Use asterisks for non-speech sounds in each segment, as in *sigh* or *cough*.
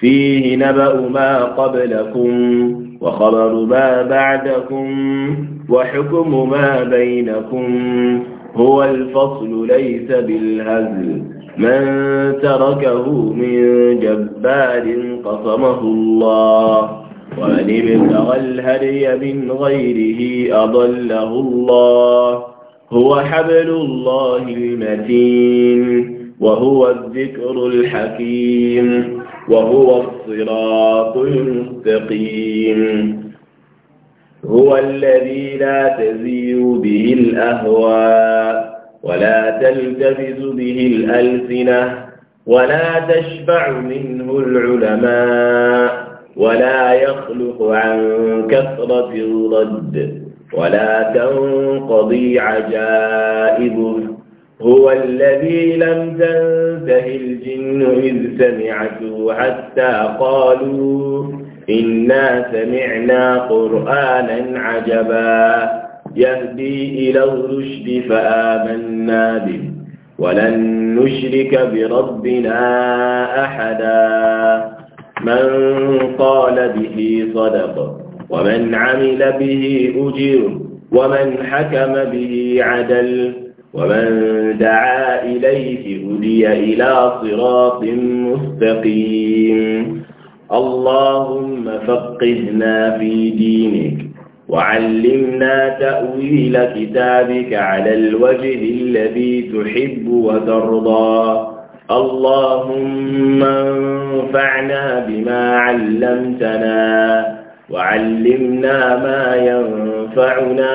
فيه نبأ ما قبلكم وخبر ما بعدكم وحكم ما بينكم هو الفصل ليس بالهزل من تركه من جبار قصمه الله ومن ابتغى الهدي من غيره أضله الله هو حبل الله المتين وهو الذكر الحكيم وهو الصراط المستقيم هو الذي لا تزير به الأهواء ولا تلتبس به الألسنة ولا تشبع منه العلماء ولا يخلق عن كثرة الرد ولا تنقضي عجائبه هو الذي لم تنته الجن إذ سمعته حتى قالوا إنا سمعنا قرآنا عجبا يهدي إلى الرشد فآمنا به ولن نشرك بربنا أحدا من قال به صدق ومن عمل به أجر ومن حكم به عدل ومن دعا إليه هدي إلى صراط مستقيم اللهم فقهنا في دينك وعلمنا تأويل كتابك على الوجه الذي تحب وترضى اللهم انفعنا بما علمتنا وعلمنا ما ينفعنا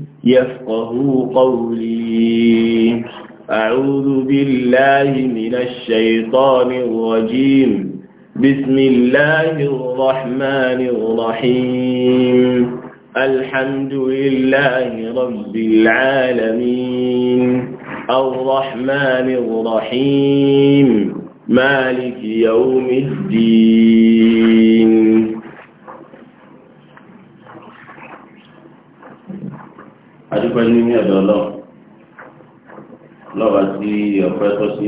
يفقهوا قولي أعوذ بالله من الشيطان الرجيم بسم الله الرحمن الرحيم الحمد لله رب العالمين الرحمن الرحيم مالك يوم الدين adúpẹ́ ní ní ẹ̀dọ̀ náà lọ́ba tí ọ̀pẹ́ tó sí.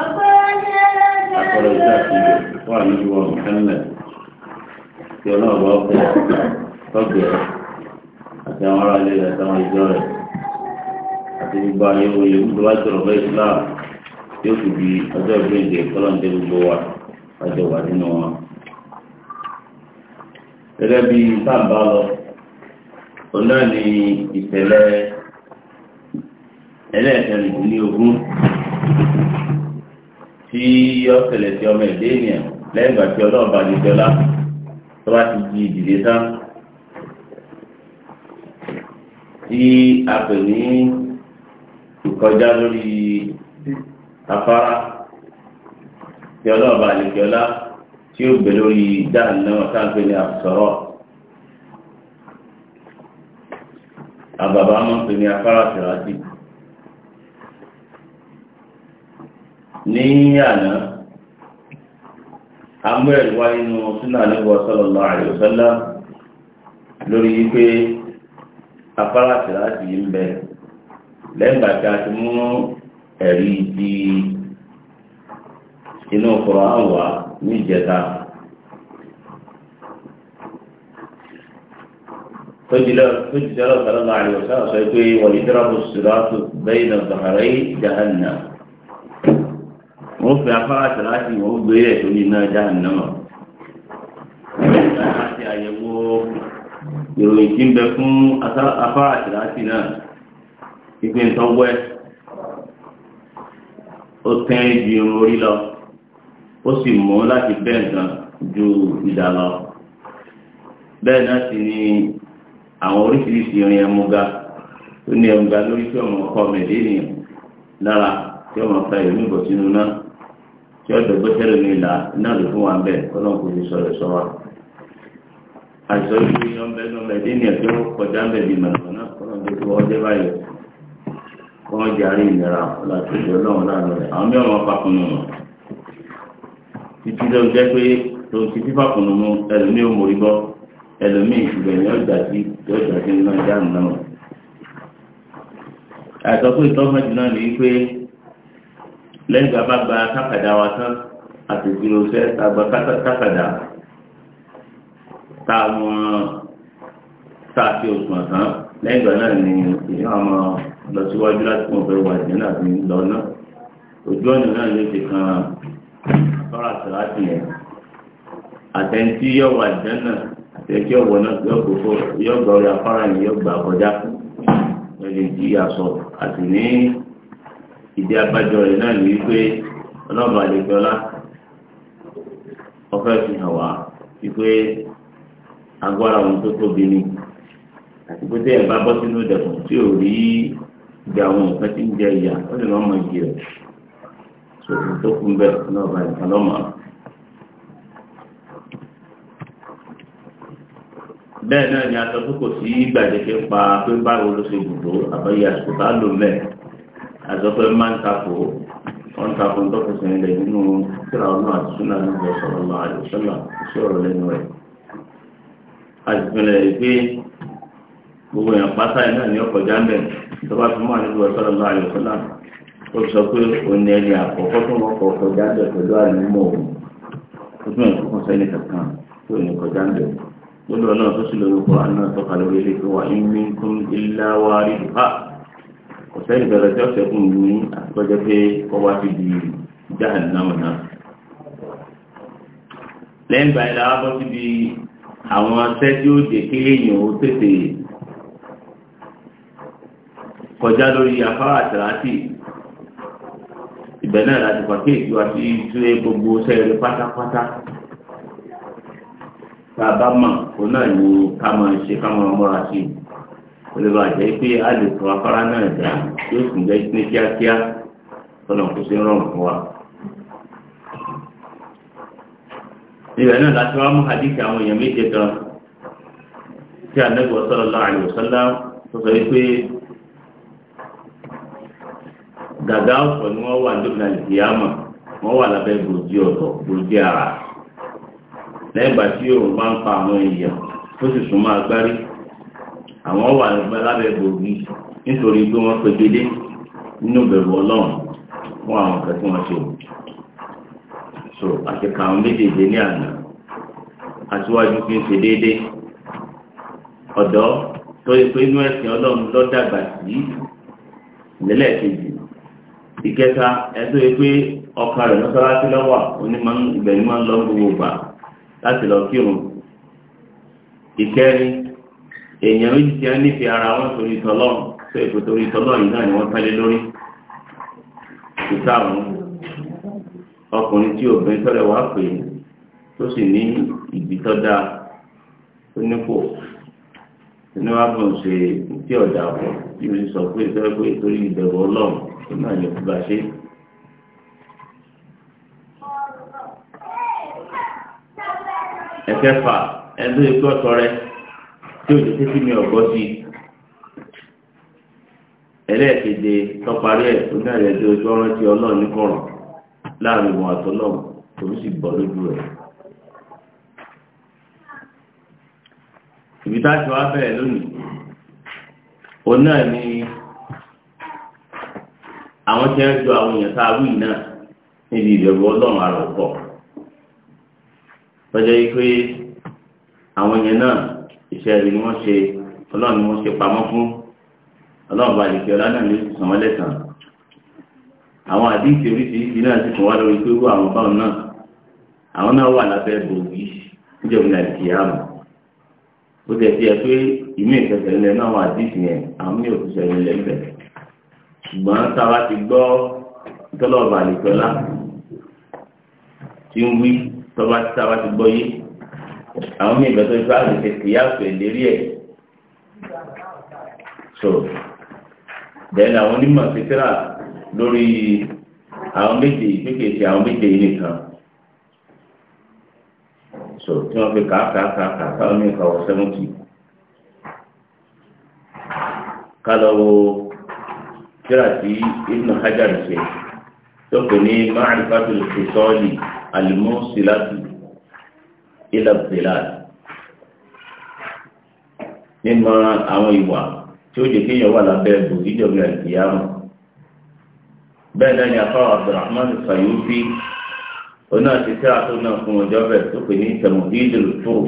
akọ̀rọ̀ ìjà ti wà níbi wọn kẹ́lẹ̀ tí ọlọ́ọ̀bá ọ̀pẹ́ tọ́gbẹ̀ àti àwọn ará ilé rẹ̀ àtàwọn ìjọ rẹ̀ àti gbogbo ayé wòye gbogbo wá jọ̀rọ̀ bẹ́ẹ̀ Islam yóò fi di ọjọ́ ìgbéǹde kọ́lọ́ǹdé gbogbo wa wájọ wà nínú wọn. gẹ́gẹ́ bí sáà ń bá lọ ọ̀nà ni ìṣẹ̀lẹ̀ ẹlẹ́ẹ̀kẹrin ní ogún tí ọ̀sẹ̀lẹ̀ tí ọmọ ẹ̀dẹ́ ènìyàn lẹ́yìn ìgbà tí ọlọ́run bá di jọlá tó bá ti di ìdílé tán tí a pè ní ìkọjá lórí afárá tí ọlọ́run bá di jọlá tí ó gbé lórí dáhùn náà tá à pè ní àsọ̀rọ̀. àbàbà máa pè ní afárá tìrátì ní àná amúrẹ̀lú wá nínú súnà níbo sallallahu alaihi lórí wípé afárá tìrátì ń bẹ tí a ti mú ẹ̀rí di inú Kùránì wá ní tójìlẹ́ ọ̀sán náà àríwọ̀ sáà sọ pé wọ̀lì dírọ́bù sùrọ́tù bẹ́yìn náà bàrẹ́ jahanna wọ́n fi afárá sàláàtì tí ń bẹ fún afárá sàláàtì náà ìpín tọ́gbẹ́ ó tẹ́ ju orí lọ ó sì láti bẹ́ẹ̀ gan ju ìdá lọ bẹ́ẹ̀ náà sì ni. àwọn oríṣiríṣi irin ẹmuga ó ní ẹmuga lórí tí ọmọ ọkọ mẹdé nìyẹn lára tí ọmọ ọkọ ẹlòmí bọ sínú náà tí ọdọ gbẹsẹlẹ mi là náà ló fún wa ń bẹ Ọlọ́run kò ní sọ̀rọ̀ sọ wa àìsàn yìí ní ọmọ ẹnu mẹdé nìyẹn tí ó kọjá ń bẹ bí màlúù náà Ọlọ́run tó tó ọjọ́ báyìí kọ́ jarí ìnira láti ìjọ Ọlọ́run láàánú rẹ̀ àwọn mí ọmọ pàkúnnù mọ títí lọ jẹ pé tó ti fífà mu ẹlòmí ò mórí bọ́ ẹlòmíì ìṣùgbọ́n ẹ̀yìn ọjà sí ọjà sí iná dáhùn náà. àìsàn pé ìtọ́mọ̀jì náà ní pé lẹ́yìn tí a bá gba kákàdá wa tán àti ìṣirò iṣẹ́ tá a gba kákàdá tá a mọ tá a fi òṣùwọ̀n tán lẹ́yìn ìgbà náà ni ìyá ọmọ lọ síwájú láti fún ọ̀fẹ́ wà ní náà ní lọ náà ojú ọ̀nà náà ló ti kan tọ́ra tìrátì yẹn àtẹ̀ntí yọ̀ wà jẹ́ náà. ẹ̀kí ọ̀wọ́ náà yọ gbogbo yọ gbà afárá sọ àti ní ìdí abájọ rẹ̀ náà ní wípé ọlọ́ọ̀bà fi hàn wá wípé agbára òun tó tóbi ni àti pé bá bọ́ sínú ìdẹ̀kùn tí ò rí ìdí àwọn tí ń jẹ bẹ́ẹ̀ náà ni aṣọ tó kò sí gbàdéke pa pé báwo ló ṣe dùdó àbáyé àsìkò tá lò mẹ́ aṣọ pé máa ń takò wọ́n takò ń tọ́kùsẹ̀ ilẹ̀ nínú síra ọdún àti súnà ní ìjọ sọ̀rọ̀ lọ àdìsọ́là sí ọ̀rọ̀ lẹ́nu rẹ̀ àtìpínlẹ̀ rẹ̀ pé gbogbo èèyàn pátá iná ní ọkọ̀ jámbẹ̀ tó fi mọ́ àdìsọ́là sọ̀rọ̀ lọ àdìsọ́là ó sọ pé òun ẹni àkọ́kọ́ tó ń bẹ̀rẹ̀ lọ́dọ̀ náà tó sì lórí kọ́ra náà tọ́ka lórí ilé pé wà ní minkum illa wariduha ọ̀sẹ̀ ìbẹ̀rẹ̀ tí ọ̀sẹ̀ kùn ní àtọ́jọ́ pé kọ́ wá ti di jahannama náà. lẹ́yìn báyìí la wá síbi àwọn ọ̀sẹ̀ tí ó jẹ́ kí èèyàn ó tètè kọjá lórí afárá àtàràtì ìbẹ̀ náà láti pàkíyèsí wa sí ìtúwé gbogbo sẹ́ẹ̀rẹ̀ pátápátá tá a bá mọ̀ òun náà ni ká máa ṣe ká máa mọ́ra sí i kò lè bàjẹ́ pé a lè tún afárá náà dá yóò sì jẹ́ ní kíákíá tọ́nà kó ṣe ń rọrùn fún wa. ibẹ̀ náà láti wá mú hadith àwọn èèyàn méje kan tí Ànábì sallallahu alaihi wasallam tó sọ pé gàgá ọ̀pọ̀ ni wọ́n wà nílùú nàìjíríà mọ̀ wọ́n wà lábẹ́ gbòdì ọ̀tọ̀ gbòdì àrà lẹ́gbà tí òun bá ń pa àwọn èèyàn tó sì súnmọ́ agbárí àwọn wà lábẹ́ gbòógì nítorí pé wọ́n pegedé nínú bẹ̀rù ọlọ́run fún àwọn kan tí wọ́n ṣe wò so àti ka àwọn méjèèjì ní àná aṣíwájú fi ń ṣe déédé ọ̀dọ́ tó yẹ pé inú ẹ̀sìn ọlọ́run ló dàgbà sí ìlẹ́lẹ̀ kejì ìkẹta ẹ̀ tó yẹ pé ọkàn rẹ̀ mọ́sálásí lọ́wọ́ onímọ̀ ìbẹ̀rù máa ń lọ gbogbo gbà láti lọ kírun ìkẹrin èèyàn méjì tí wọn nífẹ̀ẹ́ ara wọn torí tọlọ́run tó èkó torí tọlọ́run yìí náà ni lórí ìta àwọn ọkùnrin tí obìnrin tọrẹ wá pè é tó sì ní ìbí tọ́ dáa tó ọ̀dà pọ̀ mo ti sọ torí ẹ̀kẹfà ẹ̀dọ́ ikú ọ̀tọ̀ rẹ tí o ti tẹ́tí mi ọ̀gbọ́ sí i ẹlẹ́ẹ̀keje tọparí ẹ̀ tó náà rẹ̀ tó tó rántí ọlọ́run ní kọ̀rọ̀ láàrin ìwọ̀n àtọ́lọ́run tó sì bọ́ lójú rẹ̀. ibi táṣọ wa bẹ̀rẹ̀ lónìí òun náà ni àwọn tí wọ́n ju àwọn èèyàn tá a wí náà níbi ìbẹ̀rù ọlọ́run àròkọ̀ tọ́jọ́ yìí pé àwọn yẹn náà iṣẹ́ rẹ̀ ni wọ́n ṣe ọlọ́run ni wọ́n ṣe pamọ́ fún ọlọ́run bá lè fi ọlá náà lè sàn wọ́n lẹ́sàn. àwọn àdíìsì oríṣiríṣi náà sì tún wá lórí pé wọ́n àwọn báwọn náà àwọn náà wà lábẹ́ bòógì níjọba ìlànà ìyáàmù. ó jẹ́ sí ẹ pé ìmí ìfẹsẹ̀lẹ̀ náà wà àdíìsì yẹn àwọn ní òṣìṣẹ́ ilẹ̀ ń bẹ̀. ṣùgbọ́n táwa ti gbọ́ tọ́lọ́ọ̀bà lè tọ́ba tí tába ti gbọ́ yé àwọn míì gbẹ́tọ́ ìfẹ́ àgbègbè kìyà lérí ẹ̀ so then àwọn onímọ̀ fitira lórí àwọn méje ìpínlẹ̀ ti àwọn méje yìí nìkan so tí wọ́n fi kàákàákàá táwọn míì kàwọ́ sẹ́wọ́ntì kálọ̀wọ́ fitira tí Ibn Hajar ṣe tó pè ní máàrífàtúlù fìsọ́ọ̀lì. الموصلة إلى الظلال nínú àwọn ìwà tí ó jẹ kéèyàn wà lábẹ́ bòdì ìjọba ìyáàmù bẹ́ẹ̀ náà ni afáwọn abdulrahman sayufi oná ti tẹ́ra tó náà fún ọjọ́ bẹ́ẹ̀ tó pè ní tẹ̀mọ̀dídì lùtòṣ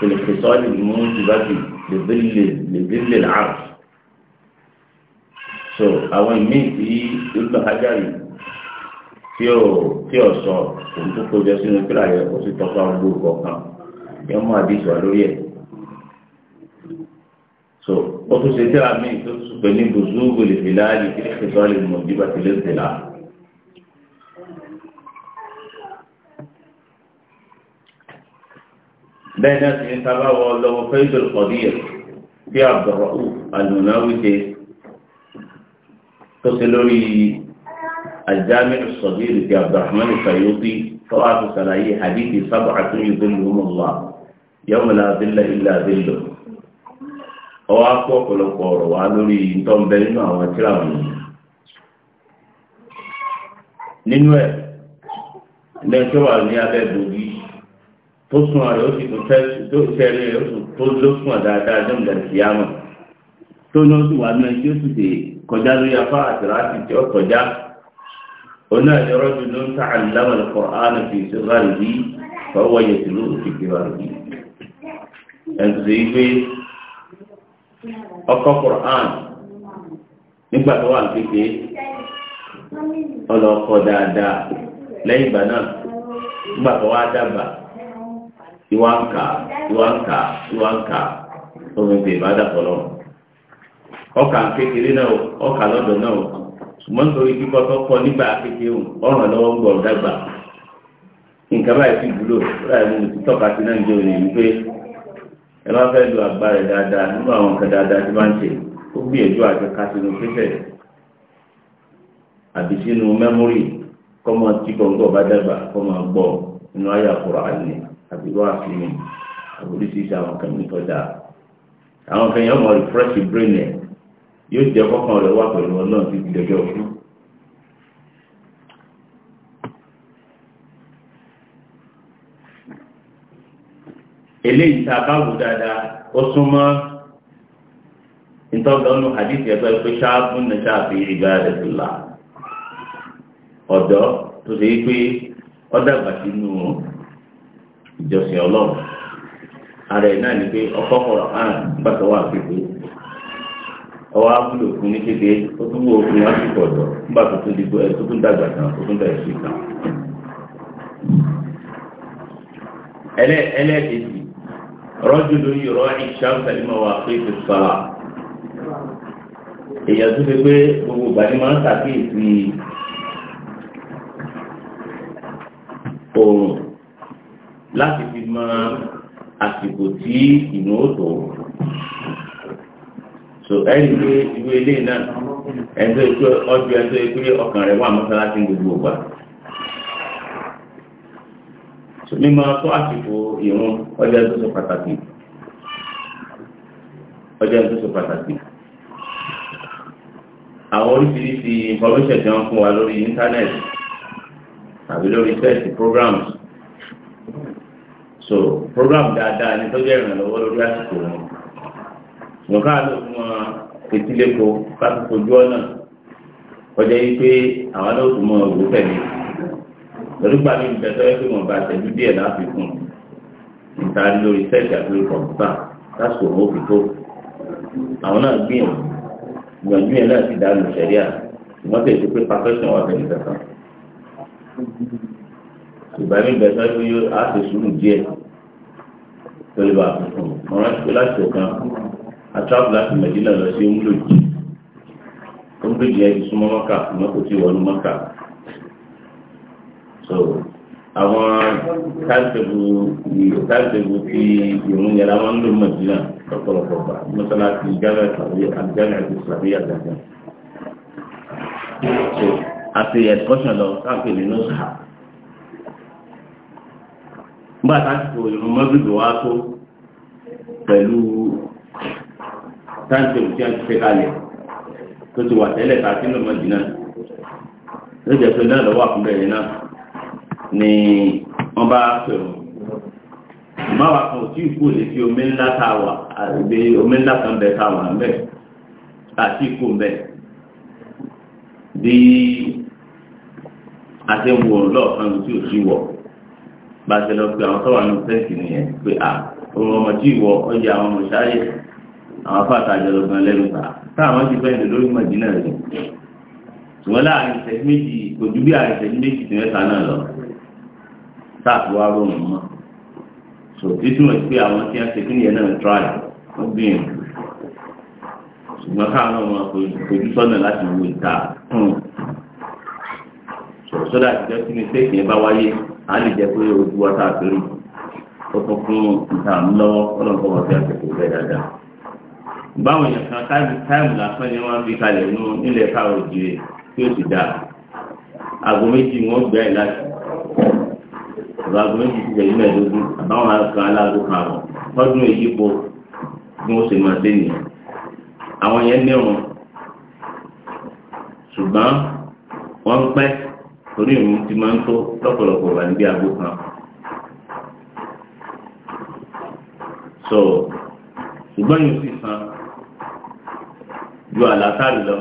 tẹlifísọ́ọ̀lì mùsùlùmí lèbílẹ̀ àrùn so àwọn ìmíì tí olùdókàjáde tí ò tí ò sọ òun tó kojọ sínú kíra yẹ ó sì tọ́ka ọgbó kọ̀ọ̀kan yẹn mú àdìsí wa lórí ẹ̀. so ó tún ṣe tíra míì tó tún pè ní bùsùlùmù lè fi kí lè fi sọ́ọ́ lè mọ̀ jíba tìlẹ̀ tìlà. bẹ́ẹ̀ náà sì ń sábà wọ lọ́wọ́ fẹ́ẹ́dọ̀ kọ̀díyà bí Abdulrauf Al-Munawi ṣe tó ṣe lórí الجامع الصغير في عبد الرحمن السيوطي طلعت سلاهي حديث سبعة يذلهم الله يوم لا ظل إلا ذله ọwọ́ akọ́ ọ̀pọ̀lọpọ̀ ọ̀rọ̀ wa lórí ìtọ́nbẹ nínú àwọn tíra wọn nínú ẹ̀ lẹ́jọ́ wà ní abẹ́ bòbí tó sún ààrẹ ó sì tún fẹ́ tó sẹ́rí rẹ̀ ó sì tó ló sún àdáadáa jọ́ ìdá sí àmọ́ tó ní ó sì wà náà tí ó sì kọjá lórí afárá هنا لرجل تعلم القرآن في صغره فهو يتلوه في كباره ẹnzíwé ọkọ Qur'an nígbà tó wà kéke ọlọkọ dáadáa lẹ́yìn ìgbà náà nígbà tó wà dàgbà ìwà ń kà ìwà ń kà ìwà ń kà omi bèbá ṣùgbọ́n nítorí kíkọ́ tó kọ nígbà kékeré ọ̀ràn lọ́wọ́ ń gbọ̀ dàgbà nǹkan báyìí sì wúlò láì mú ti tọ́ka sí náà jẹ́ òní wípé ẹ bá fẹ́ lo àgbà rẹ̀ dáadáa nínú àwọn nǹkan dáadáa tí wọ́n ń ṣe ó gbìyànjú àti ká sínú pípẹ́ àbí sínú mẹ́mórì kọ́mọ tí gbọ̀ngàn bá dàgbà kọ́mọ gbọ́ nínú àyà kúrò àní àbí wọ́n á fi mi àbúrísí sí àwọn kan ní tọ́jà àwọn kan yóò jẹ́ kọ́kàn rẹ̀ wà pẹ̀lú ọlọ́run tí ti dẹjọ́ fún. eléyìí tá a bá wò dáadáa ó súnmọ́ ntọ́gbọ́nù hadith ẹgbẹ́ pé ṣáàbùn sha ṣáàbì ìgbà rẹ̀ tó là ọ̀dọ́ tó ṣe pé ó dàgbà sínú ìjọsìn ọlọ́run ara ẹ̀ náà ni pé ọkọ̀ kọ̀ọ̀kan gbàtọ̀ wà ọwọ́ abúlé òfin ní kékeré ó tún wọ òfin wá sí pọ̀dọ̀ nígbà tó tún dìbò ẹ̀ tó tún dàgbà tán tó tún bẹ̀rẹ̀ sí kan. ẹlẹ́ẹ̀kejì rọ́jò lórí ọ̀rọ̀ ìṣàkóso àti mọ̀wá pé kò èèyàn tó fi pé gbogbo ìgbà máa ń ṣàkíyèsí oòrùn láti fi mọ àsìkò tí ìnáwó tó so ẹni pé ìwé ilé náà ẹjọ́ ikú ọjọ́ ẹjọ́ ikú ọkàn rẹ̀ wà mọ́sálásí gbogbo ọgbà so mímọ tó àsìkò ìrún ọjọ́ ẹjọ́ sọ pàtàkì ọjọ́ ẹjọ́ sọ pàtàkì àwọn oríṣiríṣi information tí wọ́n fún wa lórí internet àbí lórí search programs so program dáadáa ni tó jẹ́ ìrànlọ́wọ́ lórí àsìkò wọn nǹkan àlòkù mọ fetíléko káfí fojú ọ̀nà kọjá yìí pé àwọn àlòkù mọ òwò tẹ̀lé lọ́dúgba mi bẹ̀ tọ́jú pé mo bá tẹ̀jú díẹ̀ láfikún níta lórí sẹ́ẹ̀tì àti kọ̀ǹpútà lásìkò òun òfin tó àwọn náà gbìyànjú gbìyànjú yẹn náà ti dá lu sẹ́ríà ṣùgbọ́n tẹ̀sí pé pàfẹ́sọ̀n wà tẹ̀lé kankan ṣùgbọ́n mi bẹ̀ tọ́jú yóò á ti sùúrù díẹ̀ tó lè bá a tuntun atravel láti Mẹdínà lọ sí omúlòjì omúlòjì ẹni súnmọ́ mọ́kà mọ́kò tí wọ́n mọ́kà so àwọn káàtẹ́bù káàtẹ́bù tí ìrún yẹn làwọn ń lò Mẹdínà lọ́pọ̀lọpọ̀ gbà mọ́sálásí jáde àtàwé àgbẹ̀rẹ̀ àti ìsàbí àgbàgbà so àti ẹ̀kọ́sàn lọ káàkiri nínú sàá nígbà táàkì tó ìrún mọ́bìbì wá tó pẹ̀lú táǹtì òtí àti fẹ́kálẹ̀ tó ti wà tẹ́lẹ̀ ká sínú mọ́jìnà lójẹ́ pé náà lọ́wọ́ àkúnbẹ̀rẹ̀ náà ni wọ́n bá pẹ̀rọ máwà kan òtí ìkú lè fi omi ńlá táwà àgbé omi ńlá kan bẹ táwà mẹ́ àti ìkú mẹ́ bí àti ń wòrán lọ́ọ̀kan tí ò sí wọ̀ bá a ṣe lọ pé àwọn tọ́wà ní fẹ́ǹsì nìyẹn pé à òun ọmọ tí ìwọ ọjà àwọn ọmọ ṣáyé àwọn afáàtà àjọlọgbọn lẹ́nu pa táwọn ti bẹ́ẹ̀ lórí mọ̀dínà rẹ̀ ṣùgbọ́n láàrin ìṣẹ́jú méjì kò ju bí àrin ìṣẹ́jú méjì tí mẹ́ta náà lọ táàpù wa rò wọ́n mọ́ so títúmọ̀ sí pé àwọn tí wọ́n ṣe kí nìyẹn náà try wọ́n gbìyànjú ṣùgbọ́n káwọn ọmọ kojú sọ́nà láti wo ìta sọ́dà àtijọ́ tí mi ṣe ìyẹn bá wáyé á lè jẹ́ pé ojú wa tá a fẹ́rù ó tún fún ìta àmúlọ́wọ́ ọlọ́nkọ́ wọn fi àṣẹ kò bẹ́ẹ̀ dáadáa báwọn èèyàn kan táìmù táìmù lásán ni wọ́n fi kalẹ̀ nú nílẹ̀ káàrọ̀ jìrè tí ó sì dáa aago méjì wọ́n gbẹ́ ẹ̀ láti ọ̀rọ̀ aago méjì ti tẹ̀lé mẹ́ẹ̀ẹ́dógún àbáwọn kan aláàgó kan àwọn tọ́dún èyí bo bí wọ́n ṣe máa dé nìyẹn àwọn yẹn nírun ṣùgbọ́n wọ́n pẹ́ torí ìrun ti máa ń tó lọ́pọ̀lọpọ̀ wà níbi aago kan. so ṣùgbọ́n yóò sì san ju àlàtàrí lọ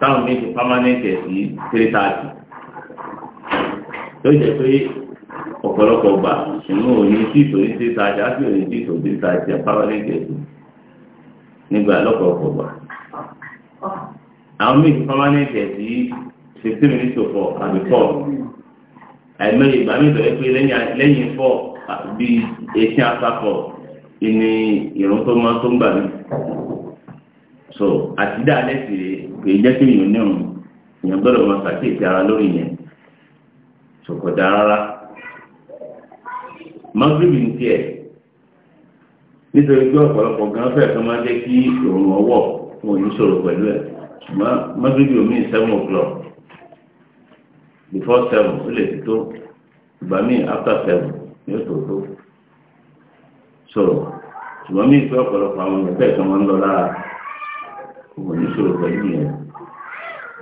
táwọn ní ti permanent ẹ̀ sí three thirty tó jẹ́ pé ọ̀pọ̀lọpọ̀ gbà ìmú òní tí ìtòrí three thirty á sì òní tí ìtòrí three thirty permanent ẹ̀ sí nígbà lọ́pọ̀lọpọ̀ gbà àwọn míì ti permanent ẹ̀ sí fifteen minutes to four àbí four àìmọye ìgbà míì tó pé lẹ́yìn four bíi eighteen after four ìní ìrún tó máa tó ń gbà mí so àti dáadé sì kò jẹ́ kí èèyàn ní òun èèyàn gbọ́dọ̀ máa ṣàkíyèsí ara lórí yẹn ṣòkòtà rárá mọ́gírìbì ní tiẹ̀ nítorí pé ọ̀pọ̀lọpọ̀ gan fẹ́ kan máa jẹ́ kí òun ọwọ́ wọn ò ní ṣòro pẹ̀lú ẹ̀ ṣùgbọ́n mọ́gírìbì omi seven o'clock before seven ó lè ti tó ìgbà míì after seven ní oṣù tó so ṣùgbọ́n mí ìpè ọ̀pọ̀lọpọ̀ àwọn ìgbẹ́ kan máa ń lọ lára wọn ní sọ̀rọ̀ pẹ̀lú yẹn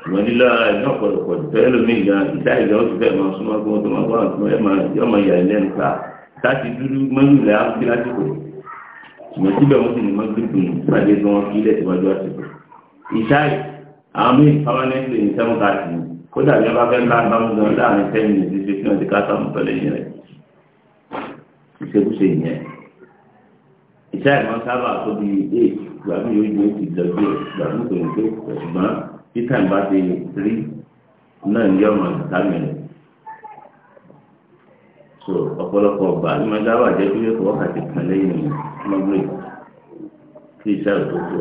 ìwọ nílá ẹ̀yìn ọ̀pọ̀lọpọ̀ ìfẹ́ lómi ìyá ìdá ìyá oṣù fẹ́ máa súnmọ́ gbọ́n tó máa bá àwọn ẹ̀ máa yọ máa yà ẹ̀ lẹ́nu ká láti dúdú mọ́nìlẹ̀ áńkí lásìkò ìmọ̀ síbẹ̀ wọ́n sì ní mọ́gbìgbì ìpàdé tí wọ́n fi ilẹ̀ síwájú àsìkò ìṣáì àwọn míì permanently ní sẹ́wọ́n ká sí kódà bí wọ́n bá fẹ́ ká bá mú gan láàrin ten gbàgbé yóò gbé ìdọ̀gbé gbàgbé pèǹpé ṣùgbọ́n títà ìbá ti rí náà ní ọmọ ìtàmì rẹ̀ so ọ̀pọ̀lọpọ̀ ọgbà ní ma dábàá jẹ́ pé yóò wákàtí kan lẹ́yìn mọ́gbé kí iṣẹ́ òtútù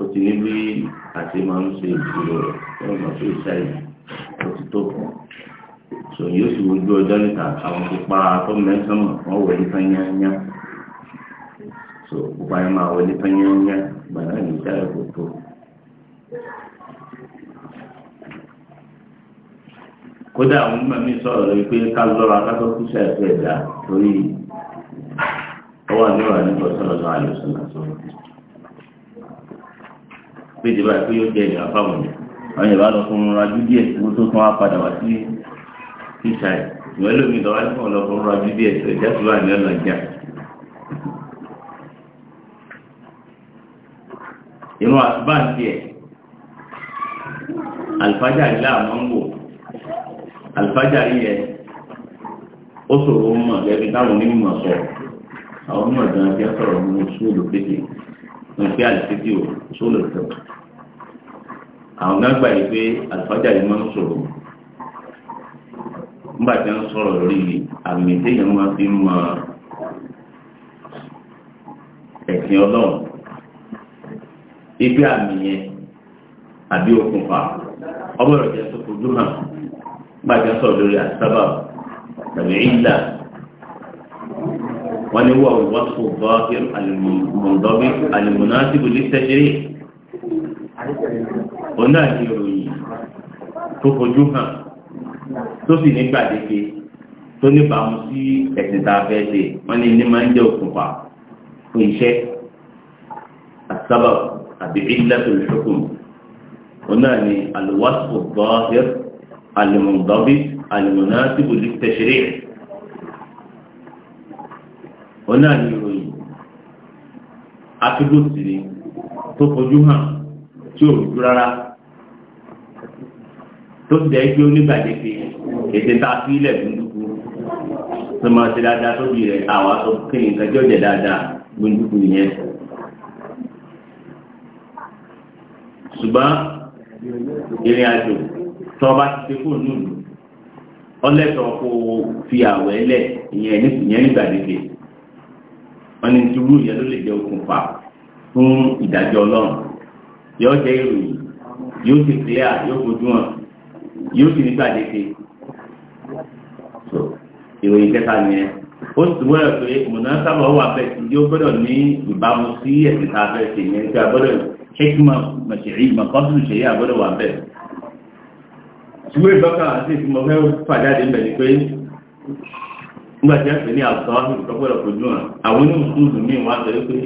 ó ti ní bí àti máa ń ṣe ìṣirò rẹ̀ wọ́n mọ̀ pé iṣẹ́ ó ti tó kù so yóò sì wojú ọjọ́ níta àwọn pupa tó mẹ́sàn-án wọ́n wẹ̀ ní fẹ́ yányán. bá ma máa wọlé tán yányá ìgbà náà lè já ẹ̀kọ́ tó. kódà àwọn onímọ̀ mi sọ̀rọ̀ lórí pé ká lọ́ra kátó kú sí ẹ̀fẹ́ ẹ̀dá torí ọwọ́ ní ọ̀rọ̀ nípa sọ̀rọ̀ lọ́wọ́ àlùsùn àti ọ̀rọ̀ pé ìdìbò àìpé yóò jẹ́ ìyá fáwọn yẹn àwọn yẹn bá lọ fún ra ju díẹ̀ tí tó tún wá padà wá sí kíṣà ẹ̀ ìwé lómi lọ́wọ́ nípa ọ̀lọ́fún ra ju díẹ̀ tó ìjà tó wà ní ọ̀nà ìjà ìrún àtúbà ń tiẹ̀ àlùfájà rí láàmú ń wò àlùfájà rí yẹ ó sọ̀rọ̀ ohun mọ̀ gẹ́gẹ́ táwọn onímọ̀ sọ àwọn onímọ̀ gan jẹ́ sọ̀rọ̀ ohun sóòlù pété wọn fi àlùfíjì ò sóòlù tó àwọn náà gbà yìí pé àlùfájà rí máa ń sọ̀rọ̀ nígbà tí wọ́n sọ̀rọ̀ lórí àmì téèyàn máa fi mọ ẹ̀sìn ọlọ́run. ibi àmì ọ àbí okùnfà ọgbọ́dọ̀ jẹ́ tó fojú hàn gbàjẹ́ lórí àtàbà tàbí ìlà wọ́n ní wọ́n wọ́n tó bọ́ àlùmọ̀ndọ́bí àlùmọ̀nàtìbù ní ìròyìn tó fojú hàn tó sì ní gbàdéke tó níbàámu sí ẹ̀sìn tá a fẹ́ ṣe wọ́n ní ní máa ń jẹ́ fa fún iṣẹ́ àtàbà. àbí illatul hukm wọn náà ni alwasfu zahir alimundabit alimunasibu lit-tashri' wọn náà ni ìròyìn attributes ni tó fojú hàn tí ò rújú rárá tó ti dẹ́ gbé onígbàdé fi ètè tá a fi ilẹ̀ gbúndùkú tó máa ṣe dáadáa tó di rẹ̀ àwa sọ kéèyàn jẹ dáadáa gbúndùkú yẹn. ṣùgbọ́n ìrìn àjò tó bá ti ṣe fóònù nù ọlẹ́tọ̀ kó o fi àwẹ̀ lẹ̀ ìyẹn ìyẹn nígbàdégbè wọn ni dúró yẹn ló lè jẹ́ okùnfà fún ìdájọ́ ọlọ́run yóò jẹ́ ìròyìn yóò ti clear yóò fojú hàn yóò sì nígbàdégbè ìròyìn kẹta nìyẹn ó sì wọ́n rẹ̀ pé mọ̀nà sábà wà bẹ́ẹ̀ tí yóò gbọ́dọ̀ ní ìbámu sí ẹ̀sìn tá a fẹ́ ṣe ìyẹn tí a gbọ́dọ̀ yìí hikima mẹ̀ṣẹ̀rí mọ̀kọ́sùn ṣe yà gbọ́dọ̀ wà bẹ́ẹ̀. ṣùgbọ́n ìbọ́kà àti ìfimọ̀ fẹ́ fàjáde ń bẹ̀ ni pé nígbà tí a pè ní àwùjọ ìtọ́gbọ́dọ̀ kojú hàn àwọn onímùsùlùmí mi wà sọ pé tí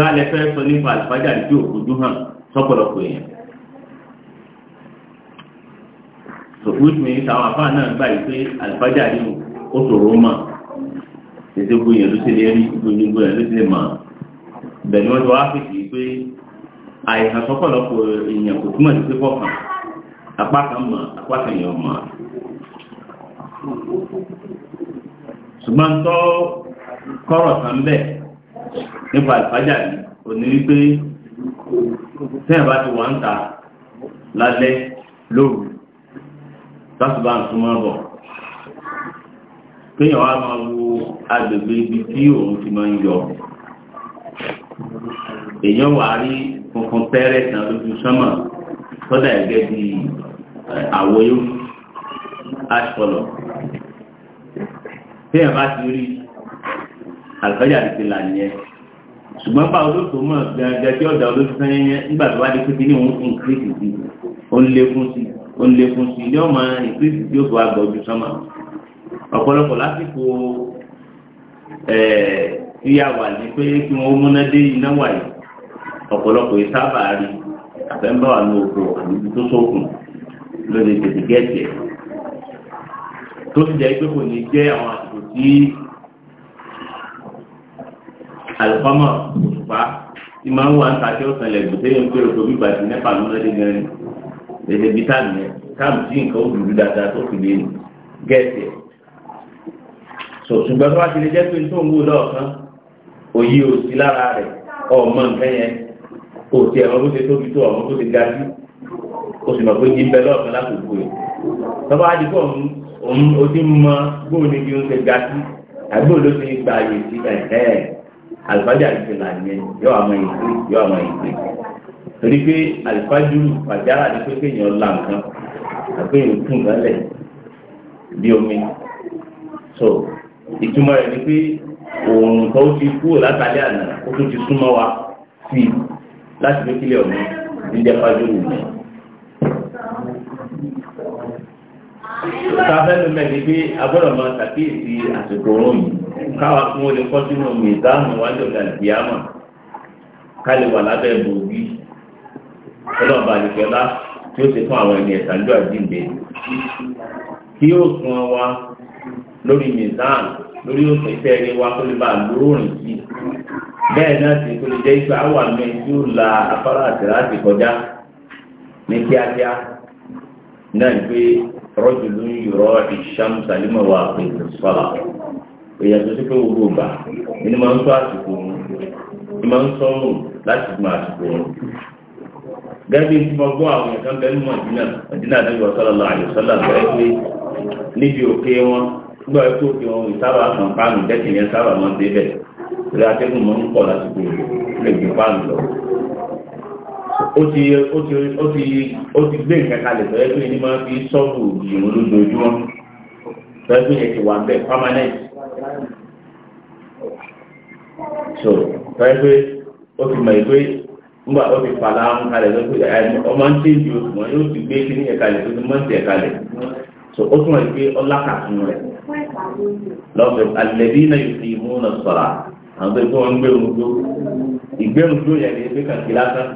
wọ́n lè fẹ́ sọ nípa àlùfájà tí ò kojú hàn sọ́pọ̀lọpọ̀ èèyàn. sọ̀kúrú mi táwọn afá náà gbà yìí ó ṣòro mọ̀ ètò gbogbo yẹn ló rí gbogbo yẹn ló ṣe lè wọ́n ti wá fèsì pé àìsàn sọ́pọ̀lọpọ̀ èèyàn kò túmọ̀ sí pípọ̀ kan apá kan mọ̀ apá kan èèyàn mọ̀ ṣùgbọ́n tó kọ́rọ̀ kan bẹ̀ nípa àlùfájà yìí ò ní wípé tẹ́yìn bá ti wà ń ta lálẹ́ lóru láti bá ń súnmọ́ bọ̀ kéèyàn wá máa wo agbègbè ibi tí òun ti máa ń yọ èèyàn wà á rí funfun pẹ́rẹ́ kan lójú sánmà kọ́dà gẹ́gẹ́ bí àwòyó ash colour tí ẹ̀ bá ti rí àlùfájà ti là nìyẹn ṣùgbọ́n bá olóòtú mọ̀ gẹ́gẹ́ tí ọ̀dà olóòtú sẹ́yìn yẹn nígbà tó wá di pé kíní òun increase sí ó ń lékún sí ó ń lékún sí ilé ọmọ increase tí ó fi wá gbọ́ ojú sánmà ọ̀pọ̀lọpọ̀ lásìkò ẹ̀ẹ́ tí a wà ní pé kí wọ́n múná dé iná wà ọ̀pọ̀lọpọ̀ ìsábà rí àfẹ́ńbáwá ní oko àbíkú tó sókun lórí tètè gẹ́ẹ̀tì ẹ̀ tó ti jẹ́ pé kò ní jẹ́ àwọn àsìkò tí àlùfámọ̀ òṣùpá tí máa ń wà ń ta kí ó sẹlẹ̀ gbèsè yẹn pé òṣòwò ìgbà tí nípa ló lọ́dẹ gẹ́rin lẹ́sẹ̀ bí táàmù yẹn táàmù tí nǹkan ó dúdú dáadáa tó fi lè gẹ́ẹ̀tì ẹ̀ so ṣùgbọ́n tó bá ti lè jẹ́ pé tó wò lọ́ọ̀kan òye òsì lára rẹ̀ ọmọ nǹkan yẹn kò tiẹ̀ ọmọ bó ṣe tóbi tó ọmọ bó ṣe ga sí o sì mọ̀ pé ní bẹ́ẹ̀ lọ́ọ̀kan lákòókò rẹ̀ tọ́ba àdìgbò òun ó ti mọ bóun ní bí ó ṣe ga sí àbí òun ló ti gba àyè sí ẹ̀ẹ́ àlùfájà ti là ní yọ àwọn ìpè yọ àwọn ìpè torí pé àlùfájù pàjára ni pé kéèyàn la nǹkan àbí èèyàn tún nǹkan lẹ̀ bí omi so ìtumọ̀ rẹ̀ ni pé òòrùn tó ti kúrò látàlẹ́ àná ó tún ti súnmọ́ wa sí i láti fi kílẹ̀ ọ̀nà níjẹ́ fájúrù mi. Sáfẹ́nu mẹ́rin pé agbọ́dọ̀ máa ṣàkíyèsí àsìkò òun yìí káwa fún olè kọ́ sínú mi ìdáhùn wájú ọ̀gá ìdíyàmà ká lè wà lábẹ́ bòógì ọlọ́ọ̀bà àdìgbọ́lá tí ó ti fún àwọn ẹni ẹ̀sán ló àjíǹde kí ó sun wa lórí mizan lórí òsè iṣẹ́ ẹni wa kó lè bá a lóòrìn sí i bẹ́ẹ̀ náà sì kò lè jẹ́ ipa àwọn àmì tí ó la afárá àtìláàtì kọjá ní kíákíá náà ní pé rọ́jò ló ń yọ̀rọ̀ ìṣàm sàlímọ̀ wà pé sọ́la èèyàn tó ti pé owó gbà ní máa ń sọ àsìkò òun ní máa ń sọ òun láti mọ àsìkò òun. gẹ́gẹ́ bí mo gbọ́ àwọn èèyàn kan bẹ́ẹ̀ ní mọ̀dínà mọ̀dínà àdájọ́ ọ̀sọ́lá lọ àyọ̀sọ́lá bẹ́ẹ̀ pé níbi òkè wọn gbọ́ ẹ̀kọ́ òkè wọn ìsábà kan pààrùn ìlú atẹ́gùn mọ́ ń pọ̀ lásìkò lè gbé fáànù lọ. ó ti gbé nǹkan kalẹ̀ tó yẹ ní máa fi sọ́ọ̀bù ìrún lójoojúmọ́ tó yẹ ti wà ń bẹ̀ permanent. so tó pé ó ti mọ̀ ìgbé nígbà ó ti fàlà ń kalẹ̀ lọ́pọ̀ ọmọ ń tẹ̀ ju oṣù wọn yóò ti gbé kí ní ẹ̀ka tó ti mọ́ ń tẹ̀ so ó túnmọ̀ ìgbé ọlákàtún rẹ̀ lọ́fẹ̀ẹ́ alẹ́bí náà àwọn tó ń pẹ́ wọn ń gbẹ̀rù gbó ìgbẹ̀rù gbó yẹn ni pé kàkí lásán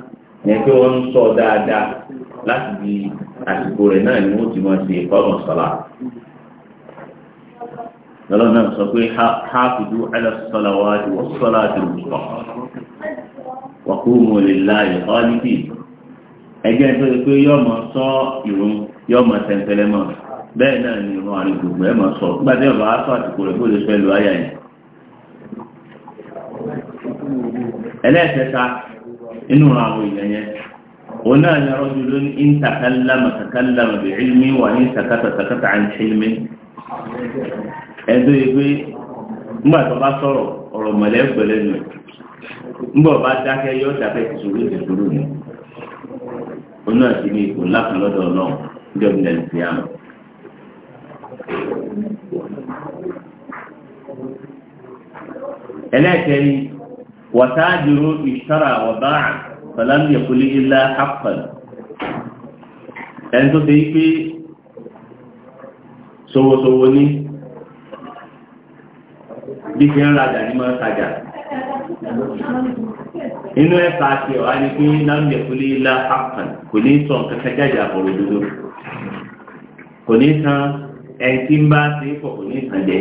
yẹn pé wọ́n ń sọ dáadáa láti di àsìkò rẹ̀ náà ni wọ́n ti máa ṣe ìfọ́nà sọ́la lọ́lọ́ náà sọ pé háàfìdú alásọ́lá wa ti wọ́n sọ́lá ti wù sọ́ wà kó mo lè la ìfọ́ níbí ẹgbẹ́ tó ṣe pé yọ́ mọ sọ ìrún yọ́ mọ tẹ̀ntẹ̀lẹ́mọ̀ bẹ́ẹ̀ náà ni ìrún àrígbògbò ẹ̀ mọ̀ sọ gbàdé ọ̀bà á àsìkò rẹ̀ bó lè fẹ́ lu àyà yìí. ẹlẹ́ẹ̀kẹta inú ra àwọn E yẹn náà ní ọjọ́ ló ní ìntàkálàmà tàkálàmà bí ilmi wa ni takata takata àn ilmi ẹ̀dọ́ ìgbé ńgbà tó bá sọ̀rọ̀ ọ̀rọ̀ mọ̀lẹ́ pẹ̀lẹ́ nù ńgbà bá dákẹ́ yóò dákẹ́ ti sòrò nù òun náà ti ní ipò ńlá kan lọ́dọ̀ náà ìjọba وتاجر اشترى وباع فلم يقل إلا حقا أنت تيكي سو سووني bí fi ń rajà ní máa tajà inú ẹ̀ka àti ọ̀há ni pé láńbẹ̀ kò lè la àpàn kò ní sọ kẹkẹ jáde àbọ̀rọ̀ dúdú san ẹni tí ń bá ṣe é pọ̀ san jẹ́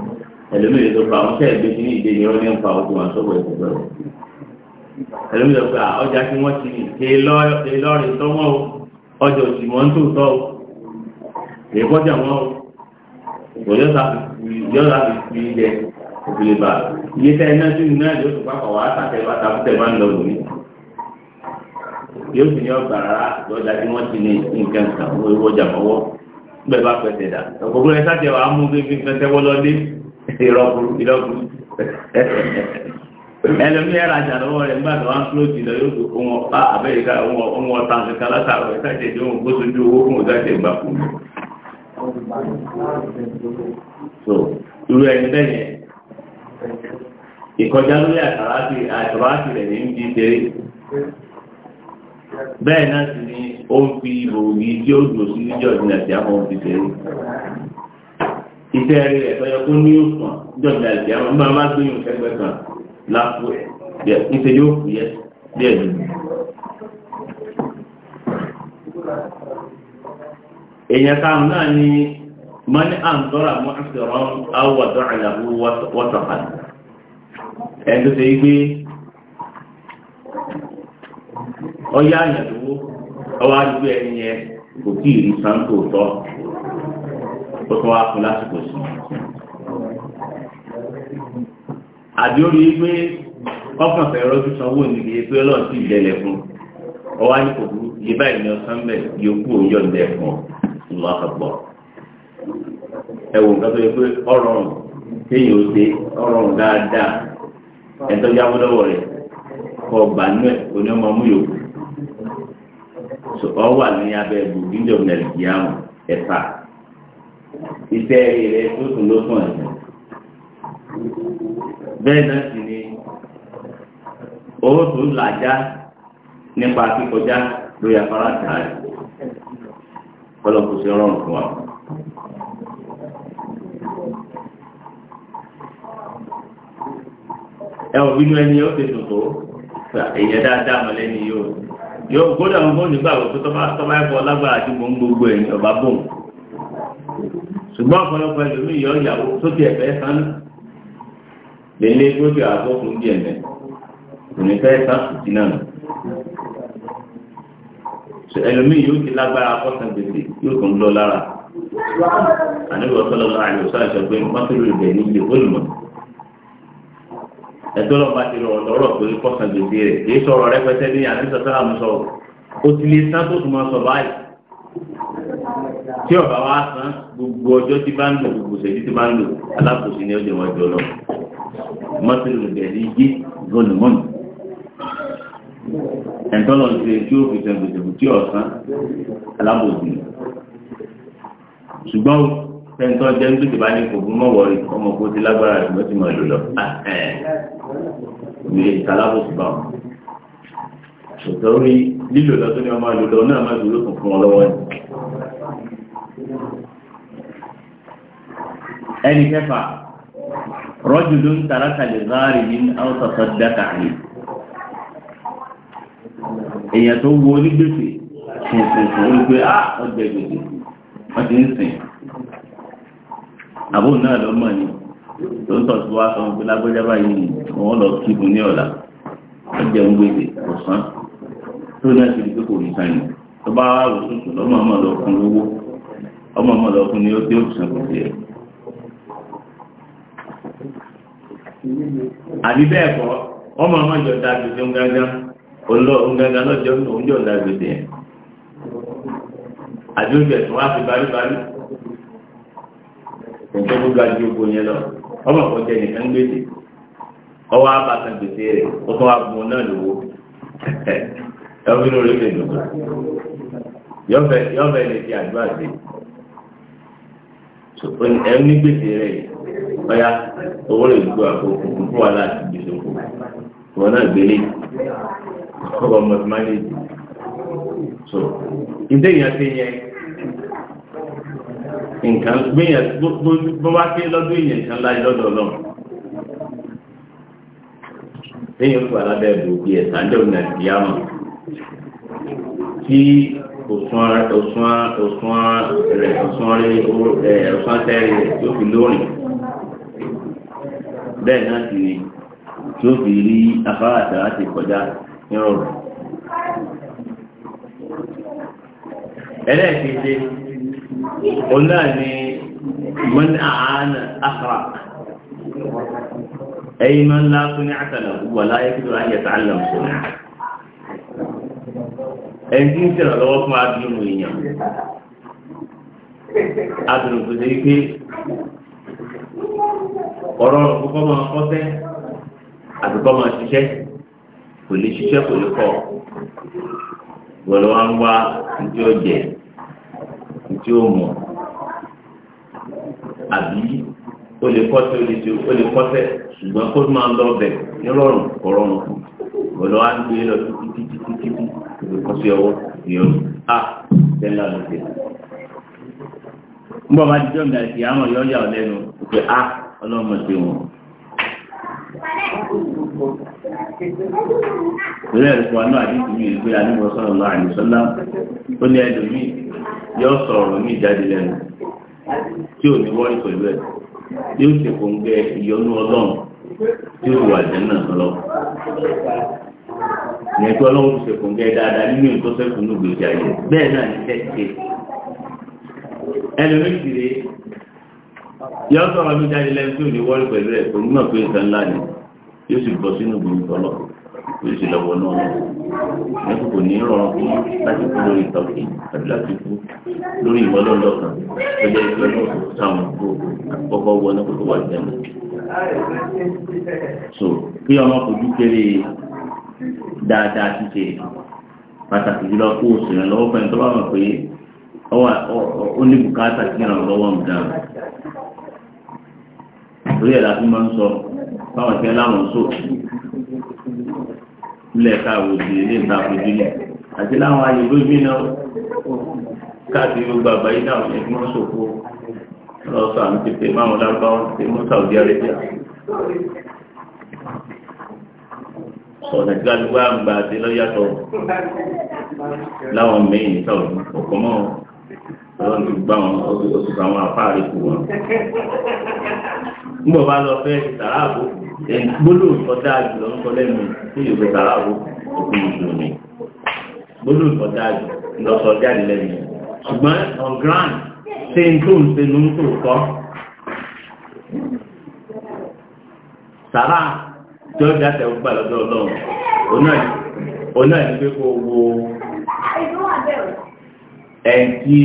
ẹlòmíràn tó fà wọn sẹ́ẹ̀ gbé sí ní ìdè ni wọ́n ní ń fa ogun wọn sọ́wọ́ ẹ̀kọ́ bẹ̀rẹ̀ ẹlòmíràn pé ọjà tí wọ́n ti ní ké lọ́rin tọ́wọ́ o ọjà òsì wọn tó tọ́ o èkọ́jà wọn o òjò sáà fi fi jẹ òfìlè bá iye tẹ́ iná sí iná yóò tún pápá wàá tàkẹ́ bá tàbútẹ̀ bá ń lọ lónìí yóò fi ní ọgbà rárá lọ́jà tí wọ́n ti ní nǹkan kan owó ọjà mọ́wọ́ bẹ́ẹ̀ bá pẹ̀sẹ̀ dà ọ̀pọ̀ ìrọ̀bùrú ìrọ̀bùrú ẹlẹ́mí ẹ̀rọ àjà lọ́wọ́ rẹ̀ nígbà tó wọ́n fúlọ́ọ̀tì lọ yóò tó wọn pa abẹ́ríkà wọn ọ̀tá nǹkan látàrọ̀ ìtàjẹ̀ tí wọn gbóso ju owó fún ìtàjẹ̀ ìgbà fún mi. so irú ẹni bẹ́ẹ̀ yẹn ìkọjá lórí àtàràtì àtàràtì rẹ̀ ní ti tẹ̀lé bẹ́ẹ̀ náà sì ni ó ń fi ìròyìn tí ó dùn sí níjọ́ ìdínà tí a máa ń fi tẹ̀lé. iṣẹ́ rí rẹ̀ tọ́jọ́ kó ní òsùn jọ̀dá ìdí àwọn ọmọ bá gbé yòókù ẹgbẹ́ kan ẹ̀ díẹ̀ yóò kú yẹ díẹ̀ ní. èèyàn karùn náà ni mọ́ní àǹdọ́rà mọ́ àṣìrọ̀ àwọ̀dọ́ àyàwó wọ́tọ̀kà ẹ̀ ṣe gbé ọyá àyàwó ọwọ́ àdúgbò yẹn kò tí ì rí sáńtò tọ́. ó tún wá fún lásìkò sí. àdéhùn yìí pé ọkàn fẹ́ rọ́jú sanwó ní iye pé ọlọ́run sì jẹlẹ̀ fún ọwọ́ àyíkò burú yìí báyìí ní ọ̀sán bẹ́ẹ̀ yòókù òun yọ̀ǹdẹ̀ fún ọ ìlú àkàpọ̀ ẹ̀wò nǹkan tó yẹ pé ọ̀rọ̀rùn kéèyàn ó ṣe ọ̀rọ̀rùn dáadáa ẹ̀tọ́ jáwọ́ lọ́wọ́ rẹ̀ kọ́ ọgbà nú ẹ̀ oní ọmọ mú yòókù ọ wà ní abẹ́ gbòógì ìjọba nàìjíríà ẹ̀fà iṣẹ́ rẹ̀ tó tún ló fún ẹ̀. bẹ́ẹ̀ náà sì ni owó tó làjá nípa kíkọjá lórí afárá tààrí kọlọ́kù sí ọlọ́run fún wa. ẹ ò bínú ẹni yóò ṣe tòótọ́ èèyàn dáadáa mọ̀ lẹ́ni yóò yóò gbọ́dọ̀ ń bọ́ nígbà wo tó tọ́ bá ẹ̀kọ́ lágbára ju mọ́ ń gbogbo ẹ̀yìn ọ̀bá bòun ṣùgbọ́n ọ̀pọ̀lọpọ̀ ẹlòmí yọ ìyàwó sókè ẹ̀fẹ́ sánú lélé gbójú àbọ̀kùn díẹ̀ mẹ́ òní fẹ́ sáfù sí náà ẹlòmí yóò ti lágbára kọ́sán gbèsè yóò tún lọ lára àníbi ọ̀sọ́lọ́ àìlú sọ àṣọ pé mọ́tòrò ìbẹ̀ ní ilé olùmọ̀ ẹ̀tọ́ lọ bá ti rọ ọ̀dọ́rọ̀ pé kọ́sán gbèsè rẹ̀ kì í sọ̀rọ̀ rẹpẹtẹ ní àdínsọ́sọ́ àmúsọ̀rọ̀ ó ti lè sá tó tún máa sọ báyìí tí ọ̀bá wa san gbogbo ọjọ́ tí bá ń lò gbogbo ṣèjú tí bá ń lò alákòóso ní ọjọ́ ìwájú ọlọ́ mọ́tòlù gẹ̀ẹ́dì yé gọ́nà mọ́nà ẹ̀ńtọ́lọ̀ ń ṣe tí ó fi tẹ̀ gbèsègbè tí ọ̀sán alábòsí ṣùgbọ́n tẹ̀ńtọ́ jẹ́ ń gbèsè bá ní kò fún mọ́wọ́ rí ọmọ kó ti lágbára rẹ̀ lọ́sì mọ́ ìlú lọ ah, ní ìtàlábòsí bá wọn ṣòtọ́ rí lílò lọ́tọ́ ní ọmọ ìlú lọ náà má dúró fún fún ọ lọ́wọ́ ni. ẹni kẹfà rọ́jù ló ń tara kalẹ̀ láàrin ní àwòsàtọ̀ dáta àyè èèyàn tó wo onígbèsè ó ah, gbé á wọ́n ti ń sìn náà mọ̀ ni tó ń tọ̀tù wá sọ pé lágbọ́já báyìí wọ́n lọ kíbu ní ọ̀la ọjà ń gbèsè ọ̀sán tó náà ti di pé kò ní sáyìn ọmọ ọmọ ọmọ ni ó àbí bẹ́ẹ̀ kọ́ ọmọ ọmọ jọ da gbèsè ńgángá olọ lọ́jọ́ oúnjẹ ọ̀dà gbèsè yẹn àbí oúnjẹ tó wá fi balúbalú nǹkan ga yẹn lọ ọmọ jẹ nìkan gbèsè ọwọ́ abàtàn gbèsè rẹ̀ ó wá gun náà lówó ẹni gbèsè rẹ̀ ọ̀yá owó rẹ̀ gbogbo àpò òkùnkùn fún wa láti gbèsè òkú wọn náà gbélé ọkọ̀ mọ̀tìmáyéjì so ìdé yẹn ti yẹ nǹkan gbéyàn bó bá ké lọ́dún ìyẹn nǹkan láyé lọ́dọ̀ ọlọ́run lẹ́yìn fún alábẹ́ ìbòkì ẹ̀sà ní òun nàìjíríà mọ̀ tí òsùn rẹ̀ ọ̀sán rí ọ̀sán tẹ́rì rẹ̀ tí ó fi lóòrìn bẹ́ẹ̀ náà sì ni tí ó fi rí afárá àtàrà ti kọjá nírọ̀rùn. ẹlẹ́ẹ̀kejì òun náà ni mọ́n àánà afárá ẹ̀yìn máa ń lá fún ní àtàlà wà láyé kí ló ráyẹ̀ tààlà fún ẹni tí ń tẹ̀rọ fún abínú èèyàn adùnkùn ní pé ọ̀rọ̀ kọ́kọ́ máa kọ́sẹ́ àti kọ́ máa ṣiṣẹ́ kò lè ṣiṣẹ́ kò lè kọ́ gbọ́dọ̀ wá ń wá ntí ó jẹ ntí ó mọ̀ àbí ó lè kọ́sẹ́ ó lè ṣe ó lè kọ́sẹ́ ṣùgbọ́n kó máa lọ bẹ̀ nírọ̀rùn kọ̀rọ̀rùn fún gbọ́dọ̀ ń gbé lọ títí títí títí kò lè kọ́sẹ́ ọwọ́ ìyọnu ah, a bẹ́ẹ̀ lánàá nígbà bá dídọ́ ìgbà ìsìn àmọ̀ yọ ọjà ọ̀lẹ́nu pé a ah, ọlọ́mọ sí wọn. Ìlú ẹ̀rọ wa náà àdìsí mi sọ̀rọ̀ lọ ó ní sọ̀rọ̀ lẹ́nu tí ò ní pẹ̀lú ẹ̀ tí ó sì gẹ ọlọ́run tí ó wà jẹ́ náà lọ ìyẹn tí ọlọ́run ti ṣe gẹ dáadáa nínú ìtọ́sẹ́kùn ní ayé bẹ́ẹ̀ náà ní tẹ́tí ẹlòmí ìdìrè yọ sọ̀rọ̀ mi jáde lẹ́nu tí ò ní wọ́ọ̀lù pẹ̀lú ẹ̀ kò nímọ̀ pé nǹkan ńlá ni yóò sì bọ́ sínú gbòmí tọ́lọ̀ yóò sì lọ́wọ́ náà lọ ẹ̀kú kò ní rọrùn fún láti kú lórí tọ́kì àti láti kú lórí ìmọ̀lọ́lọ́ kan tó jẹ́ ìgbẹ́ náà kò sáwọn kó kọ́kọ́ wọ náà kó tó wà jẹun. so kí ọmọ kojú kéré dáadáa ṣíṣe pàtàkì jùlọ kó o sì rìn lọ́wọ́ pẹ̀lú ó ní bùkátà kí ràn lọ́wọ́ ń dáhùn torí ẹ̀ la fi máa ń sọ báwọn tẹ́ láwọn sò nílẹ̀ káàwé di ilé ìta àfojúlẹ̀ àti láwọn ayé lójú iná káàkiri gbogbo àgbáyé náà ṣe fún ṣòfò lọ́sọ̀ àmì tètè máwọn lárúbáwọ́ tètè mú Saudi Arabia sọ̀rọ̀ gbàgbà àgbà àti lọ́yàtọ̀ láwọn mẹ́yìn Saudi ọ̀kọ́ mọ́ ọlọ́run ti gbá wọn oṣù kan wọn afáàrí kù wọn. nígbà bá lọ fẹ́ sàràbò gbólóhùn kọjá jùlọ ń kọ́ lẹ́nu tí yóò fẹ́ sàràbò òkú mùsùlùmí gbólóhùn kọjá jù lọ́sọ̀ jáde lẹ́nu ṣùgbọ́n on ground ṣe ń tó ń ṣe ló ń tó kọ́. sàrà tí ó jáde ọgbà lọ́dọ̀ ọlọ́run onáà ní wo ẹ̀ǹtí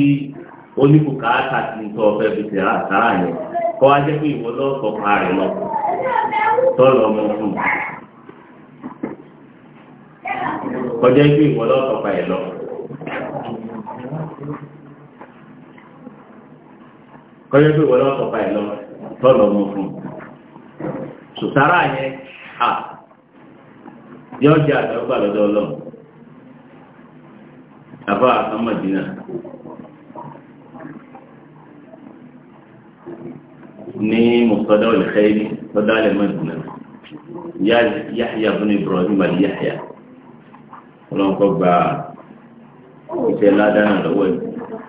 oníbùkátà ti ń tọ́ ọ̀fẹ́ fi ṣe àtàrà yẹn kọ́ wá jẹ́ pé ìwọ lọ́sọ̀ pa rẹ̀ lọ tọ́lọ̀ ọmọ fún kọjá pé ìwọ lọ́sọ̀ pa ẹ̀ lọ. kọjá pé ìwọ lọ́sọ̀ pa ẹ̀ lọ tọ́lọ̀ ọmọ fún sùtàrà yẹn yọjẹ àdọ́gbà lọ́dọ̀ ọlọ́run àbá àtàmàdínà ní mọ̀sọ́dá olùkẹ́yìn sọ́dá alẹ́mọ̀dínà yáhíyá fún ibrahim aliyahya ọlọ́nkọ́ gba iṣẹ́ ládàá náà lọ́wọ́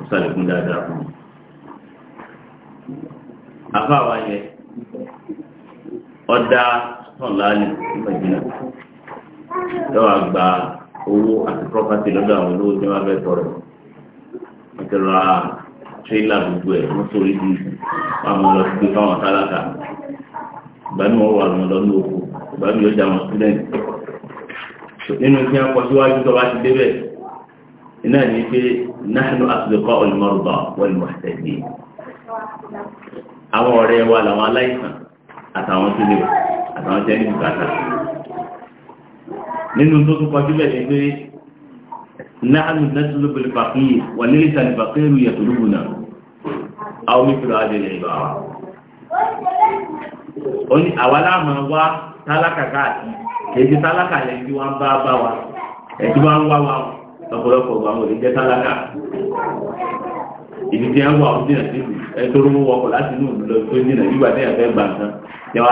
ìsàlẹ̀kùn dáadáa fún un. àbá wa yẹ ọ̀dà sọ̀nlá ní mọ̀dínà lọ́wọ́ àgbà owó àti property lọ́dọ̀ àwọn olówó tí wọ́n fẹ́ tọrọ wọ́n ti ra tírélà gbogbo ẹ̀ wọ́n sórí di àwọn lọ sí fáwọn tálákà ìgbà ní wọ́n wà wọn lọ ní oko ìgbà ní ọjà àwọn student nínú tí wọ́n kọ síwájú tó bá ti débẹ̀ iná ní pé nahnu asdiqa'u al-marda wal-muhtajin àwọn ọ̀rẹ́ wa làwọn aláìsàn àtàwọn tó lè àtàwọn tẹ́lifù kàtà. nínú tó tún kọjú bẹ̀rẹ̀ pé náàlù nẹ́tùlù bẹ̀rẹ̀ pàkí wà nílé ìtàlẹ̀ pàkí a yẹ̀ tòlú bùnà àwọn mìíràn àjẹlẹ̀ ìlú àwà ó ní àwa láàmà wá tálákà káàkiri èdè tálákà yẹn tí wọ́n bá bá wa ẹ̀tí wọ́n wá wa ọ̀pọ̀lọpọ̀ àwọn òdíjẹ́ tálákà ìdí tí wọ́n wà ó dínà láti inú lọ tó dínà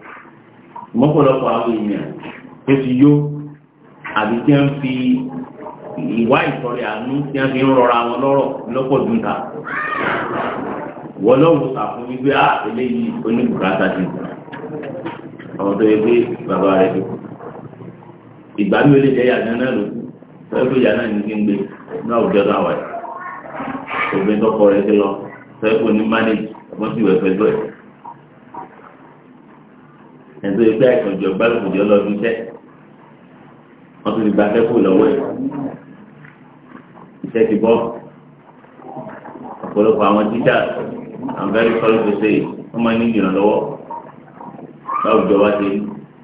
mọ́pọ̀lọpọ̀ àwọn èèyàn tó ti yó àbí tí wọ́n fi ìwá ìtọrẹ àánú tí wọ́n fi ń rọra wọn lọ́rọ̀ lọ́pọ̀ dúnta wọ́n lọ́wọ́ sàfún wípé á ah, eléyìí oníbùkátà ti àwọn tó yẹ pé bàbá rẹ̀ tó ìgbà mi ò lè jẹ́ yàtọ̀ náà lò fẹ́ẹ́ pé yàtọ̀ ní kí n gbé ní àwùjọ náà wáyé obìnrin tó kọ rẹ̀ ti lọ fẹ́ẹ́ pé oní mánéjì wọ́n sì wẹ̀ fẹ́ lọ́ẹ̀ ẹ̀sọ́ ìpẹ́ àìsànjọ gbàlùkùnjọ lọ́dún tẹ́ wọ́n tún ti gba akẹ́kọ̀ọ́ lọ́wọ́ ẹ̀ iṣẹ́ ti bọ́ ọ̀pọ̀lọpọ̀ àwọn títà I'm very sorry to say wọ́n máa ń ní ìrànlọ́wọ́ láwùjọ wá sí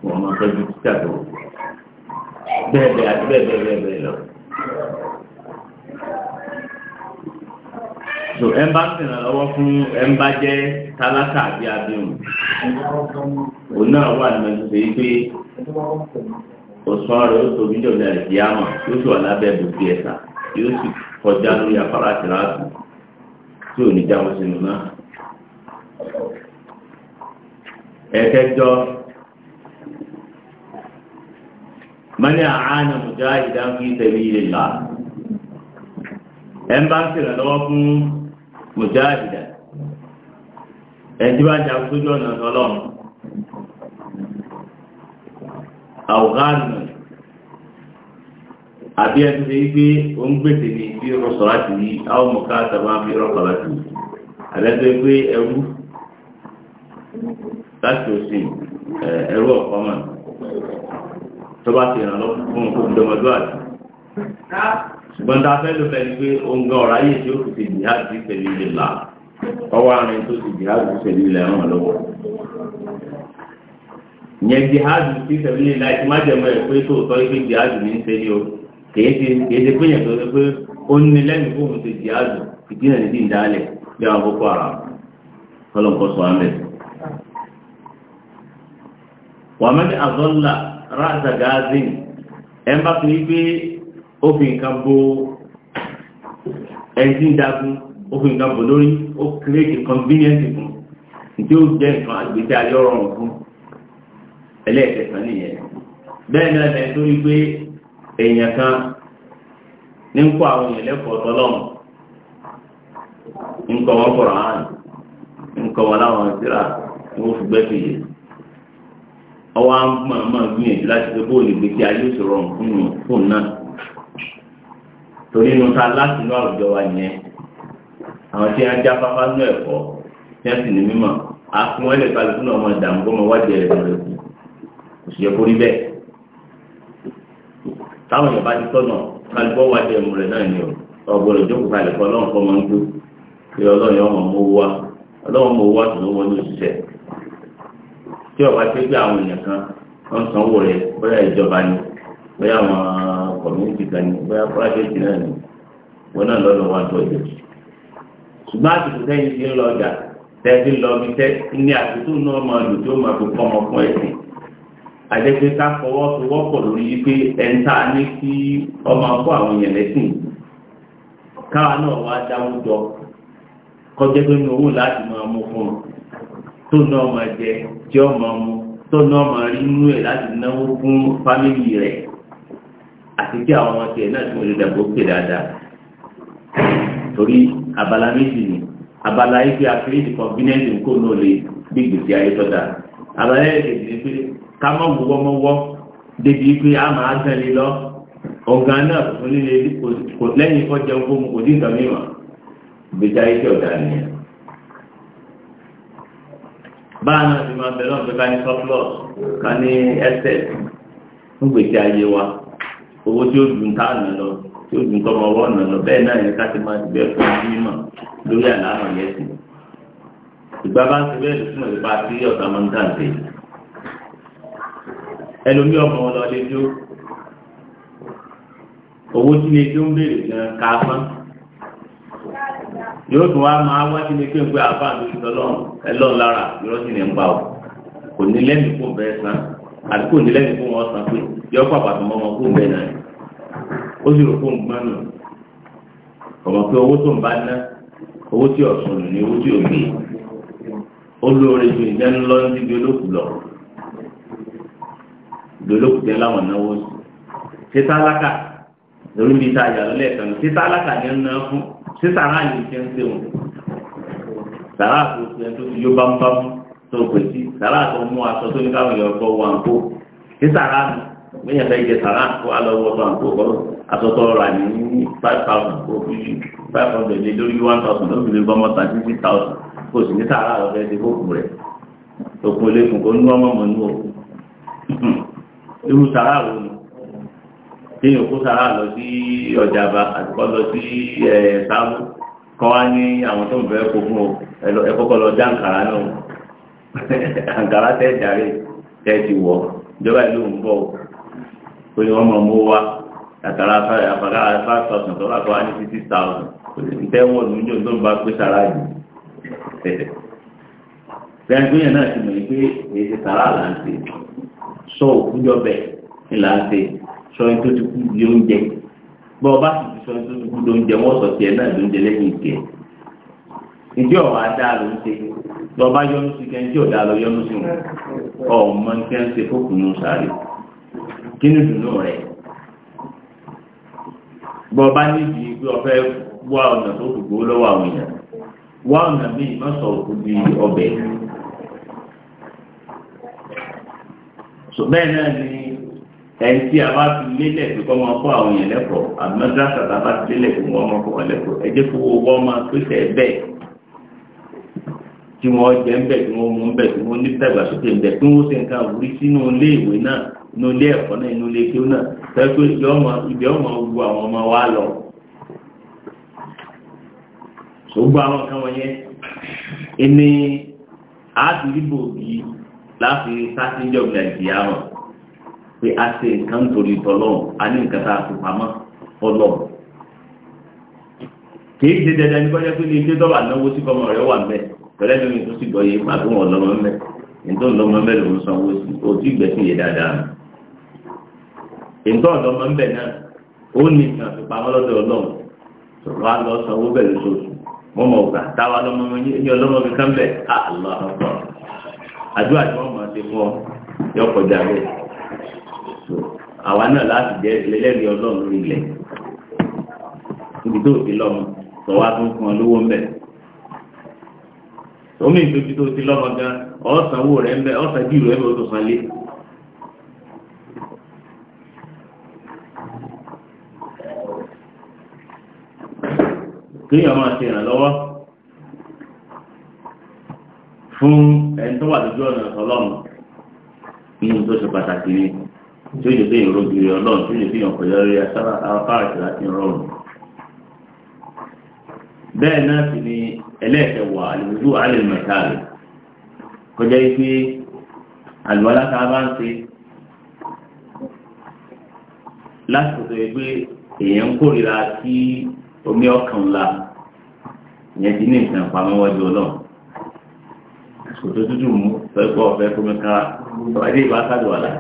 wọ́n máa tọ́jú títà tó bẹ́ẹ̀ bẹ́ẹ̀ àti bẹ́ẹ̀ bẹ́ẹ̀ bẹ́ẹ̀ lọ. so ẹ bá ṣèrànlọ́wọ́ fún ẹ bá jẹ́ tálákà àbí abirùn òun náà wà nínú ṣe é pé òṣùwọ̀n rẹ̀ ó tóbi jọ̀bí àìsíyámà yóò sì wà lábẹ́ bòbí ẹ̀sà yóò sì kọjá lórí afárá tìráàtù tí ò ní jáwọ́ sínú náà. ẹ̀kẹjọ mani àánà mùjáhìdá fi tẹ̀lé ilé là ẹ̀ ń bá ṣèrànlọ́wọ́ fún mùjáàdìdà ẹ̀tí bá jà sójú ọ̀nà ọlọ́run àwòránù àbí ẹni tó yí pé ó ń gbèsè ní bí rọ̀sọ̀ láti yí àwọn mọ̀ká àtàwọn àbí rọ̀kọ̀ láti yí pé ẹrú láti òsì ẹrú ọ̀pọ̀ mọ̀ tó bá ti ràn lọ́kùnkùn fún ọmọdé wájú. ṣùgbọ́n tá a fẹ́ ló fẹ́ ni pé òun ọ̀rọ̀ ayé tí ó fi ṣe jihad fi ilẹ̀ là ọwọ́ àárín tó fi ilẹ̀ ràn lọ́wọ́. ìyẹn jihad fi ṣẹlẹ̀ ilẹ̀ láti má jẹ́ mọ́ ẹ̀ pé tó ní ṣe ni o kèé ṣe tó ṣe pé ó ní lẹ́nu ní bí àwọn boko sọ wàmẹ́ni ẹ̀ ń bá o fi nǹkan bo ẹni tí o fi nǹkan bò lórí ó kírèkì convenience fún tí ó jẹ́ nǹkan àgbèsè ayé fún ẹlẹ́ẹ̀kẹsàn nìyẹn bẹ́ẹ̀ náà lẹ́yìn tó rí pé èèyàn kan ní ń kó àwọn èèyàn lẹ́kọ̀ọ́ tọ́lọ́mù ń wọn kọ̀ọ̀rọ̀ hàn ń wọn láwọn wọ́n fi ọwọ́ torí inú ta láti inú àwùjọ wa yẹn àwọn tí wọn já pápá nú ẹ̀kọ́ tí wọn sì ní mímọ̀ àfún wọn lè balùwẹ̀ fún ọmọ ìdààmú kó mọ wádìí ẹ̀rẹ̀ lọ́rẹ́ kù kò sì yẹ kó rí bẹ́ẹ̀ táwọn yẹn bá ti tọ̀nà kálífọ́ wádìí ẹ̀mú rẹ̀ náà ni o ọ̀gbọ̀n ìjókòó kalẹ̀ fọ́ ọlọ́run fọ́ máa ń dú pé ọlọ́run ọmọ mọ owó wa ọlọ́run mọ owó wa tó ló wọlé òṣìṣẹ́ tí ọba ti gbé àwọn èèyàn kan wọn sanwó rẹ̀ bóyá ìjọba ni bóyá àwọn community kan ní bóyá private náà ní wọn náà lọ́dọ̀ wá tó ọjà ṣùgbọ́n àtúntò sẹ́yìn ti ń lọ ọjà tẹ́sí lọ bí tẹ́ ní àtúntò náà máa lò tí ó máa fi kọ́ ọmọ fún ẹ̀sìn àjẹpẹ́ ká fọwọ́sowọ́pọ̀ lórí yìí pé ẹ̀ńtà ní kí ọmọ akọ́ àwọn èèyàn lẹ́sìn káwa náà wá dáwọ́ jọ kọjá pé ní owó láti máa mú fún un tó náà máa jẹ tó náà máa rí inú ẹ̀ láti náwó fún fámìlì rẹ̀ àti kí àwọn ọmọ tiẹ̀ náà tí mo lè dàgbò pè dáadáa torí abala méjì ni abala yìí fi àkíyèsí kọ́ńbínẹ́ǹtì nǹkó náà lè gbé gbèsè ayé tọ́da abala yìí kejì ni pé ká mọ̀ wọ́wọ́ mọ́ wọ́ débi pé a máa tẹ̀lé lọ ọ̀gá náà kò tún lè lẹ́yìn kọ́ jẹun fún mi kò dín nǹkan mìíràn gbèsè ayé tí ọ̀dà nìyẹn. báà náà ti máa bẹ̀rẹ̀ ọ̀gbẹ́ ká ní surplus ká ní excess owó tí ó dùn tá àná lọ tí ó dùn tọmọ ọwọ́ ọ̀nà lọ bẹ́ẹ̀ náà yẹ ká ti máa ti bẹ́ẹ̀ fún un mímọ̀ lórí àlàáfà yẹn sí ìgbà bá ń ti bẹ́ẹ̀ lùsùn ìpa sí ọ̀tá máa ń tàǹtè ẹlòmí ọmọ ọlọ́lé tó owó tí lè tó ń béèrè gan ká fún yóò tún wá máa wá sí ilé pé ń pé àbá àdúgbò lọ́rùn ẹlọ́run lára ìrọ́sìn ní ń pa ò kò ní lẹ́mìí àdúgbò nílẹ̀ ní fún wọn san pé yọ fún àbàtàn mọ́ wọn fún bẹ́ẹ̀ náà ó sì rò fún gbọ́n nù ọ̀mọ̀ pé owó tó ń bá ná owó tí ọ̀sùn nù ní owó tí ò gbé ó lóore ju ìjẹun lọ níbi olókùú lọ lólókùú tẹ láwọn náwó títà alákà lórí ibi tá a yà lọ́lẹ́ẹ̀kan títà alákà ní ń ná fún títà aráàlú ti ń ṣe wọn sàrà àti oṣù ẹ tó ti yó tó pè sí sàrà tó mú aṣọ tó ní káwọn èèyàn gbọ́ wà ń kó sí sàrà nù bóyá fẹ́ jẹ sàrà kó alọ́wọ́ tó à kọ́ aṣọ tó rà ní five thousand kó fi five hundred lé lórí one thousand ló fi lè gbọ́mọ six thousand kó sì ní sàrà lọ fẹ́ ti kókù rẹ̀ òkun olókun kó nú ọmọ mọ̀ nú o *laughs* irú sàrà wo ni téèyàn kó sàrà lọ sí ọjàba àtìkọ́ lọ sí ẹ̀ẹ́dáwó kọ́ wá ní àwọn tó ń fẹ́ kó fún o àǹkàrà tẹ́ ìjàre tẹ́ ti wọ̀ ìjọba ìlú ń bọ̀ pé wọ́n mọ̀ mọ́ wá àtàrà àfàgà àfà thousand tó wà kó wá ní six thousand ǹtẹ́ wọ̀ lóúnjẹ tó ń bá pé sára jù yẹn náà ti mọ̀ pé èyí ti sọ ni sọ tó ti kú di oúnjẹ bá sọ tó ti kú di oúnjẹ wọ́n sọ náà ìjọ ọ̀wà dáa ló ń ṣe lọ́ba yọnu sí kẹ́ ń tí ọ̀dà lọ yọnu sí wọn ọmọ ní kẹ́ ń ṣe fókùnù sáré kí ni dùnú rẹ̀ bọ́ba níbi pé ọ̀fẹ́ wá ọ̀nà tó kù gbó lọ́wọ́ àwọn èèyàn wá ọ̀nà míì má sọ òkú di ọbẹ̀ bẹ́ẹ̀ náà ni ẹni tí a bá fi lélẹ̀ pé kọ́ máa kọ́ àwọn èèyàn lẹ́kọ̀ọ́ àbí mọ́tò àtàtà bá fi lélẹ̀ pé wọ́n máa kọ́ wọn lẹ́kọ̀ọ́ ẹ jẹ́ kó wọ́n máa pèsè bẹ́ẹ̀. tí wọ́n jẹ ń bẹ̀ tí wọ́n mú ń bẹ̀ tí wọ́n ní dàgbàsókè ń bẹ̀ tí wọ́n ṣe nǹkan àwòrí sínú ilé ìwé náà inú ilé ẹ̀kọ́ náà inú ilé kéwù náà tẹ́tù ibi ọmọ gbogbo àwọn ọmọ wa lọ. gbogbo àwọn kan ẹni láti sátìjọ́ nàìjíríà wọn pé a ṣe nǹkan torí tọ́lọ́ a ní nǹkan tá a fi pamọ́ fọlọ́ kì í ṣe dandan pé ilé náwó sí wà mẹ́ẹ̀. pẹ̀lẹ́ lómi tó sì gbọ́ yé má tó wọn lọ́mọ mẹ́ ntọ́ lọ́mọ mẹ́ lòún sanwó sí o tí gbẹ̀sìn yé dáadáa ntọ́ lọ́mọ mẹ́ náà ó ní ìtàn àti pamọ́ lọ́dọ̀ ọlọ́run sọ̀rọ̀ á lọ sanwó bẹ́ẹ̀ lóṣooṣù mọ́mọ́ ọ̀gá táwa lọ́mọ ní ọlọ́mọ mi kan bẹ́ẹ̀ á lọ́ àkọ́kọ́ àdúrà tí wọ́n máa ṣe fún ọ yọ kọjá bẹ́ẹ̀ àwa náà láti jẹ́ lẹ́lẹ́rìí ọlọ́run lórí ilẹ̀ níbi tó ti lọ́mọ sọ wá tó fún ọ lówó ń omi ìtòjú tó ti lọ́mọ gan ọ̀sánwó rẹ̀ ń bẹ ọ̀sán bí rẹ̀ ń bẹ oṣù sanlé. kéèyàn máa ṣe ìrànlọ́wọ́ fún ẹni tó wà lójú ọ̀nà ọlọ́run nínú tó ṣe pàtàkì ni tí ó yẹ kéèyàn rojú rẹ̀ ọlọ́run tí ó yẹ kéèyàn kọjá lórí afárá ìṣẹ̀lá ti rọrùn bẹ́ẹ̀ náà sì ni ẹlẹ́ẹ̀kẹwà àlùwùdú alẹ́mẹ̀tàlù kọjá ife àlùwàlá tá a bá ń ṣe lásìkò tó yẹ pé èèyàn ń kórìíra sí omi ọkàn ńlá ìyẹn ti ní nǹkan pamọ́ wájú ọlọ́run àsìkò tó tútù mú fẹ́ pọ̀ fẹ́ ọ̀rẹ́dẹ́ ìbá sàlùwàlá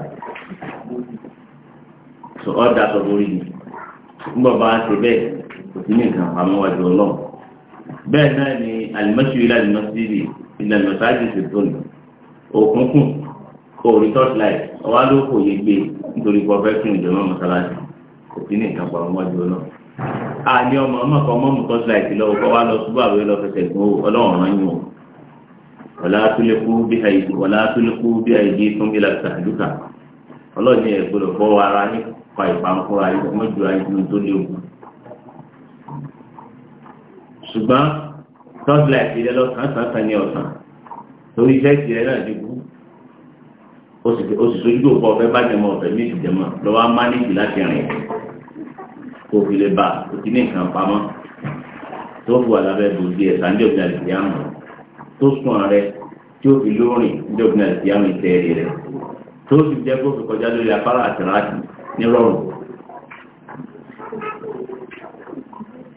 ọ̀dà sọ̀rọ̀ orí mi ń bá ń ṣe bẹ́ẹ̀ kò sí ní nǹkan pamọ́ wájú ọlọ́run. bẹ́ẹ̀ náà ni alimọ́sí ilé alimọ́sí ilé alimọ́sáàjì ti tó òkùnkùn kò rí tọ́tù láì ló kò yé gbé nítorí pé mọ́sálásì kò sí ní ìkàpọ̀ ọmọ ìjọ náà. a ọmọ ọmọ kan mọ́mú tọ́tù láì kọ́ wá lọ ṣubú lọ fẹsẹ̀ ọlọ́run rán yín o. bí àìdí bí àìdí ṣùgbọ́n tọ́sílẹ̀ ìrẹ́ lọ́sàn-án sàn-án ní ọ̀sán torí iṣẹ́ ìrẹ́ náà ti kú ó sì sojú tó pọ̀ ọ̀fẹ́ bá jẹmọ ọ̀fẹ́ méjì jẹmọ lọ́wọ́ á mánéjì láti rìn kó fi lè bá o ti ní nǹkan pamọ́ tó fi wà lábẹ́ bòdì ẹ̀ sàn jọ̀gbìn àdìsí àmọ̀ tó sùn rẹ tí ó fi lóorìn jọ̀gbìn àdìsí àmọ̀ ìtẹ́ẹ̀rì rẹ tó sì jẹ́ kó fi kọjá lórí afárá àtìrátì nírọ̀rùn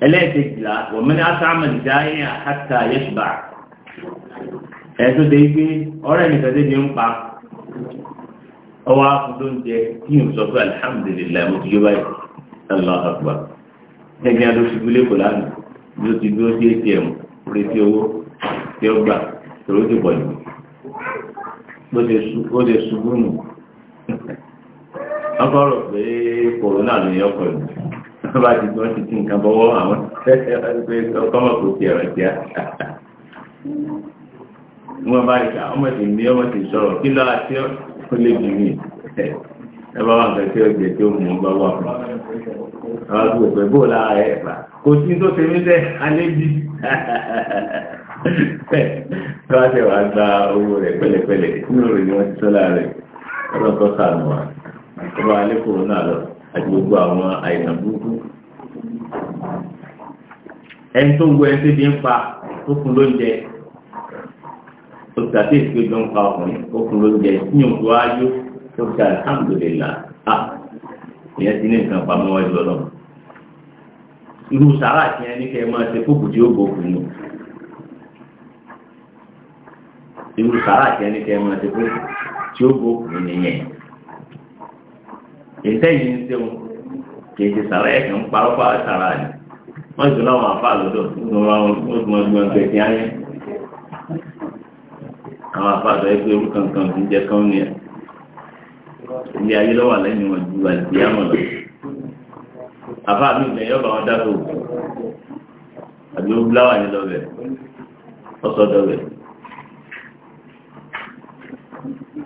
ẹlẹ́ẹ̀kejìlá wọ̀mọ́ni asáàmàlì dáyé àkàtà yẹ́ṣùbà ẹ̀tọ́ dé ipé ọ̀rẹ́ nìkàdé ní ń pa ọwọ́ akùn tó ń jẹ kí n sọ pé alihamudulilayi mo ti yé báyìí Allahu Akbar ẹgbẹ́ adó ti gbélé kò lánàá bí ó ti dúró sí atm retí owó tí ó gbà tòró ti pọ̀ jù ó lè ṣubú nù ọkọ̀ rò pé kòrónà ló yẹ ọkọ̀ ìlú wọ́n bá ti gbọ́ ti ti nǹkan bọ́wọ́ àwọn ọkọ̀mọ̀ kò fi ẹ̀rọ jẹ́ wọ́n bá ìgbà ọmọ ti ní ọmọ ti sọ̀rọ̀ kí lọ́la tí ó lè bì mí ẹ bá wà nǹkan tí ó jẹ tí ó mú un bá wà fún un àwọn tó pẹ̀ bó lára ẹ̀ fà kò sí tó ṣe mí sẹ́ alẹ́ bí tó wá tẹ̀ wá gba owó rẹ̀ pẹ̀lẹ́pẹ̀lẹ́ nínú rẹ̀ ni wọ́n ti sọ́la rẹ̀ ọlọ́kọ̀ sànù wa ọba alẹ́ kòrónà lọ́wọ́ àti gbogbo àwọn àìsàn burúkú ẹni tó ń gbọ́ ẹni ti ń pa tó fún lóúnjẹ tó ti àti ìpè jọ ń pa ọkùnrin ó fún lóúnjẹ yíyan tó ájú tó ti alhamdulillah à ìyẹn ti ní nǹkan pamọ́ wájú lọ́nà irú sàrà tí ẹni kẹ́ máa ṣe kókò tí ó gbókùn nù irú sàrà tí ẹni kẹ́ máa ṣe kókò tí ó gbókùn nìyẹn. ìtẹ́yìn ń sẹ́wọ̀n kì í ti sàrà ẹ̀kẹ́ ń parọ́ pa sàrà ni wọ́n àfa àwọn àfa kankan jẹ kán ni ilé ayé lọ́wọ́ ju lọ. àfa mi ìgbẹ́ wọn dáko àbí ní lọ́bẹ̀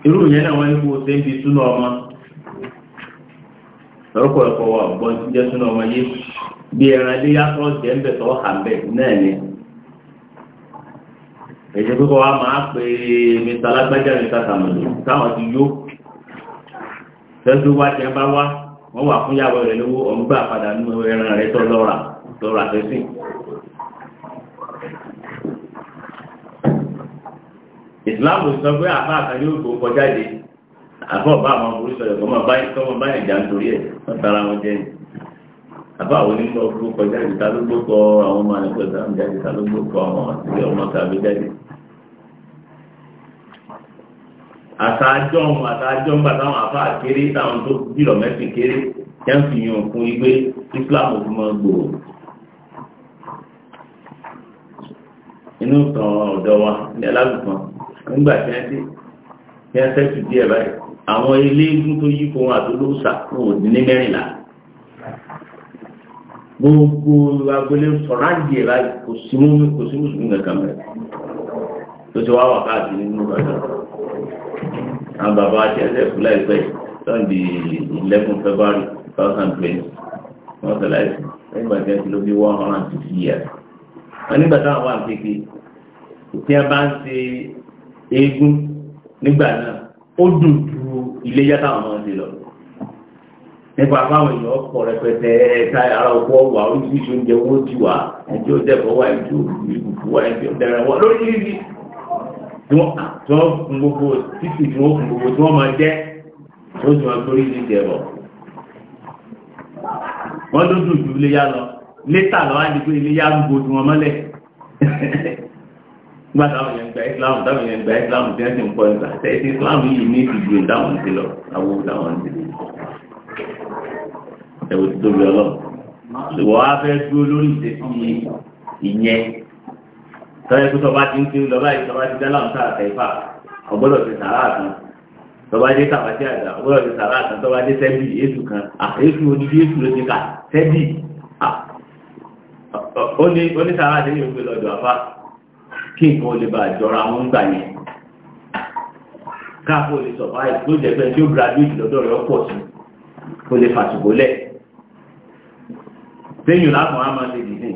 irú yẹn náà wọ́n ní kó o ṣe ń fi ọmọ. lọ́kọ̀ ẹ̀kọ́ wa ọ̀gbọ́n ti jẹ́ súná ọmọ yé bí ẹran ilé yàtọ̀ jẹ́ ń bẹ̀ tọ́ hà ń bẹ̀ náà ni. èyí pé kọ́ wa máa pe mr alágbájá mr sàmùlò táwọn ti yó tẹ́sí wá jẹ́ bá wá wọ́n wà fún yàwó rẹ̀ lówó ọ̀gbà padà nínú ẹran rẹ̀ tọ́ lọ́ra lọ́ra tẹ́sí. ìsìláàmù sọ pé àbá àkàndé òkú kọjá de àbọ̀bá àwọn burúkú ọ̀yọ̀ kọ́ máa bá ìjà nítorí ẹ̀ wọ́n tara wọn jẹ́ ni àbá àwọn onímọ̀ ọkọ̀ kọjá ìta ló gbókọ̀ àwọn ọmọ àlẹ́kọ̀ọ́ ìta ló jáde ìta ló gbókọ̀ àwọn àti ọmọ tàbí jáde. àtàjọ́ ohun àtàjọ́ ń gbà táwọn afá kéré táwọn tó jùlọ mẹ́sìn kéré jẹ́ ń fi yàn fún igbé Islam ò mọ́ gbòòrò. inú tàn ọ̀dọ́ wa ní alágùnfàn nígbà tí wọ́n ti fi ẹsẹ̀ díẹ̀ báyìí àwọn eléégún tó yí fún àdúlóòsà kò ní mẹ́rìnlá gbogbo agbolé sọ̀ráǹdì ẹ̀ láì kò sí mú kò sí mùsùlùmí kankan mẹ́rin tó ti wá wà káàkiri nínú kankan àwọn bàbá àti ẹsẹ̀ fún láìpẹ́ lọ́ndì eleven february two thousand twenty wọ́n sọ láìsí lẹ́yìn ìgbà tí wọ́n ti ló bí one hundred and fifty years wọ́n nígbà táwọn wà ní kékeré tí wọ́n bá ń ṣe eégún nígbà náà ó dùn ju iléyá táwọn ọmọ ti lọ nípa fáwọn èèyàn ọ̀pọ̀ rẹpẹtẹ ẹ̀ta ara ọkọ̀ wà oríṣiríṣi oúnjẹ owó ti wà ẹjọ́ dẹ̀kọ̀ wà ẹjọ́ ìbùkún wà ẹjọ́ dẹ̀rẹ̀ wà lóríṣiríṣi tí wọ́n fún gbogbo títì tí wọ́n fún gbogbo tí wọ́n máa jẹ́ ó sì máa torí ní ìjẹ̀bọ̀ wọ́n ló dùn ju iléyá lọ létà lọ́wọ́ á di pé *laughs* nígbà táwọn yẹn gba islam táwọn yẹn gba islam tí wọ́n ti ń kọ́ nípa ẹ̀sẹ̀ islam yìí ní ti ju ìdáhùn sí lọ àwọn ìdáhùn sí lọ ẹ̀wọ̀n ti tóbi ọlọ́ ṣùgbọ́n wá fẹ́ dúró lórí ìṣesí ìyẹn tọ́jú pé tọba ti ń kí lọ́ba yìí tọba ti dáná ọ̀tá àtẹ̀fà ọgbọ́dọ̀ ti sàrà àtàn tọba dé tàbátí àgbà ọgbọ́dọ̀ ti sàrà àtàn tọba dé sẹ́bì èṣù kan àṣẹ́ṣù oníbi èṣù ló ti kà sẹ́bì ó ní kí nǹkan lè bá jọra wọn gbà yẹn káàkó lè sọ̀fà tó jẹ́ pé tí ó graduate lọ́dọ̀ rẹ̀ ọ̀pọ̀ sí kó lè fàṣùgbó lẹ̀ téèyàn láàmú á máa ṣe dìde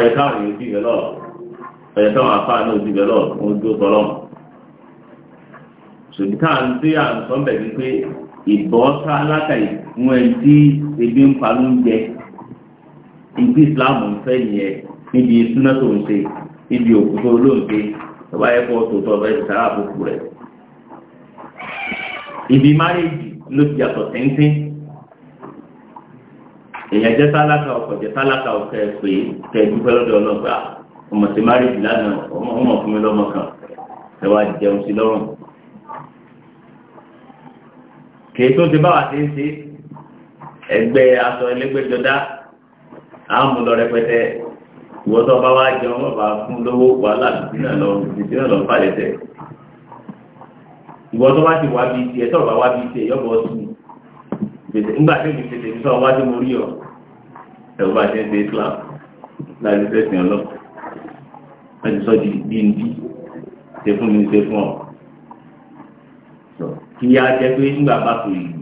ọ̀yẹ̀ káwọn èèyàn dìbẹ̀ lọ́ọ̀ ọ̀yẹ̀ káwọn afá náà dìbẹ̀ lọ́ọ̀ ó dúró tọ́lọ́mù ṣòdì táà ń tí à ń sọ bẹ̀ ni pé ìbọ́ sá látàrí fún ẹ ebi ń pa lóúnjẹ ìgbé ìsìláàmù ń fẹ́ nìyẹn níbi súná tó ń ṣe níbi tó ọba ẹ̀kọ́ tòótọ́ ọba ibi márèèjì ló ti yàtọ̀ tẹ́ńtẹ́ èèyàn jẹ́ tálákà ọkọ̀ jẹ́ tálákà ọkọ̀ ẹ̀ pé lọ́dọ̀ ọlọ́gbà ọmọ sí lánàá ọmọ fún kan ẹ wá jẹun sí lọ́rùn. kèé tó ti bá à ń mú lọ rẹpẹtẹ wọ́n tó bá wá jẹun wọ́n bá fún lówó wàhálà títí náà lọ títí náà lọ balẹ̀ tẹ̀ ìwọ tó bá ti wá bí tiẹ̀ tó bá wá bí Islam láti fẹ̀sìn ọlọ́ láti sọ di bíndí ṣe fún mi ṣe fún ọ kí á jẹ pé nígbà bá fi ìlú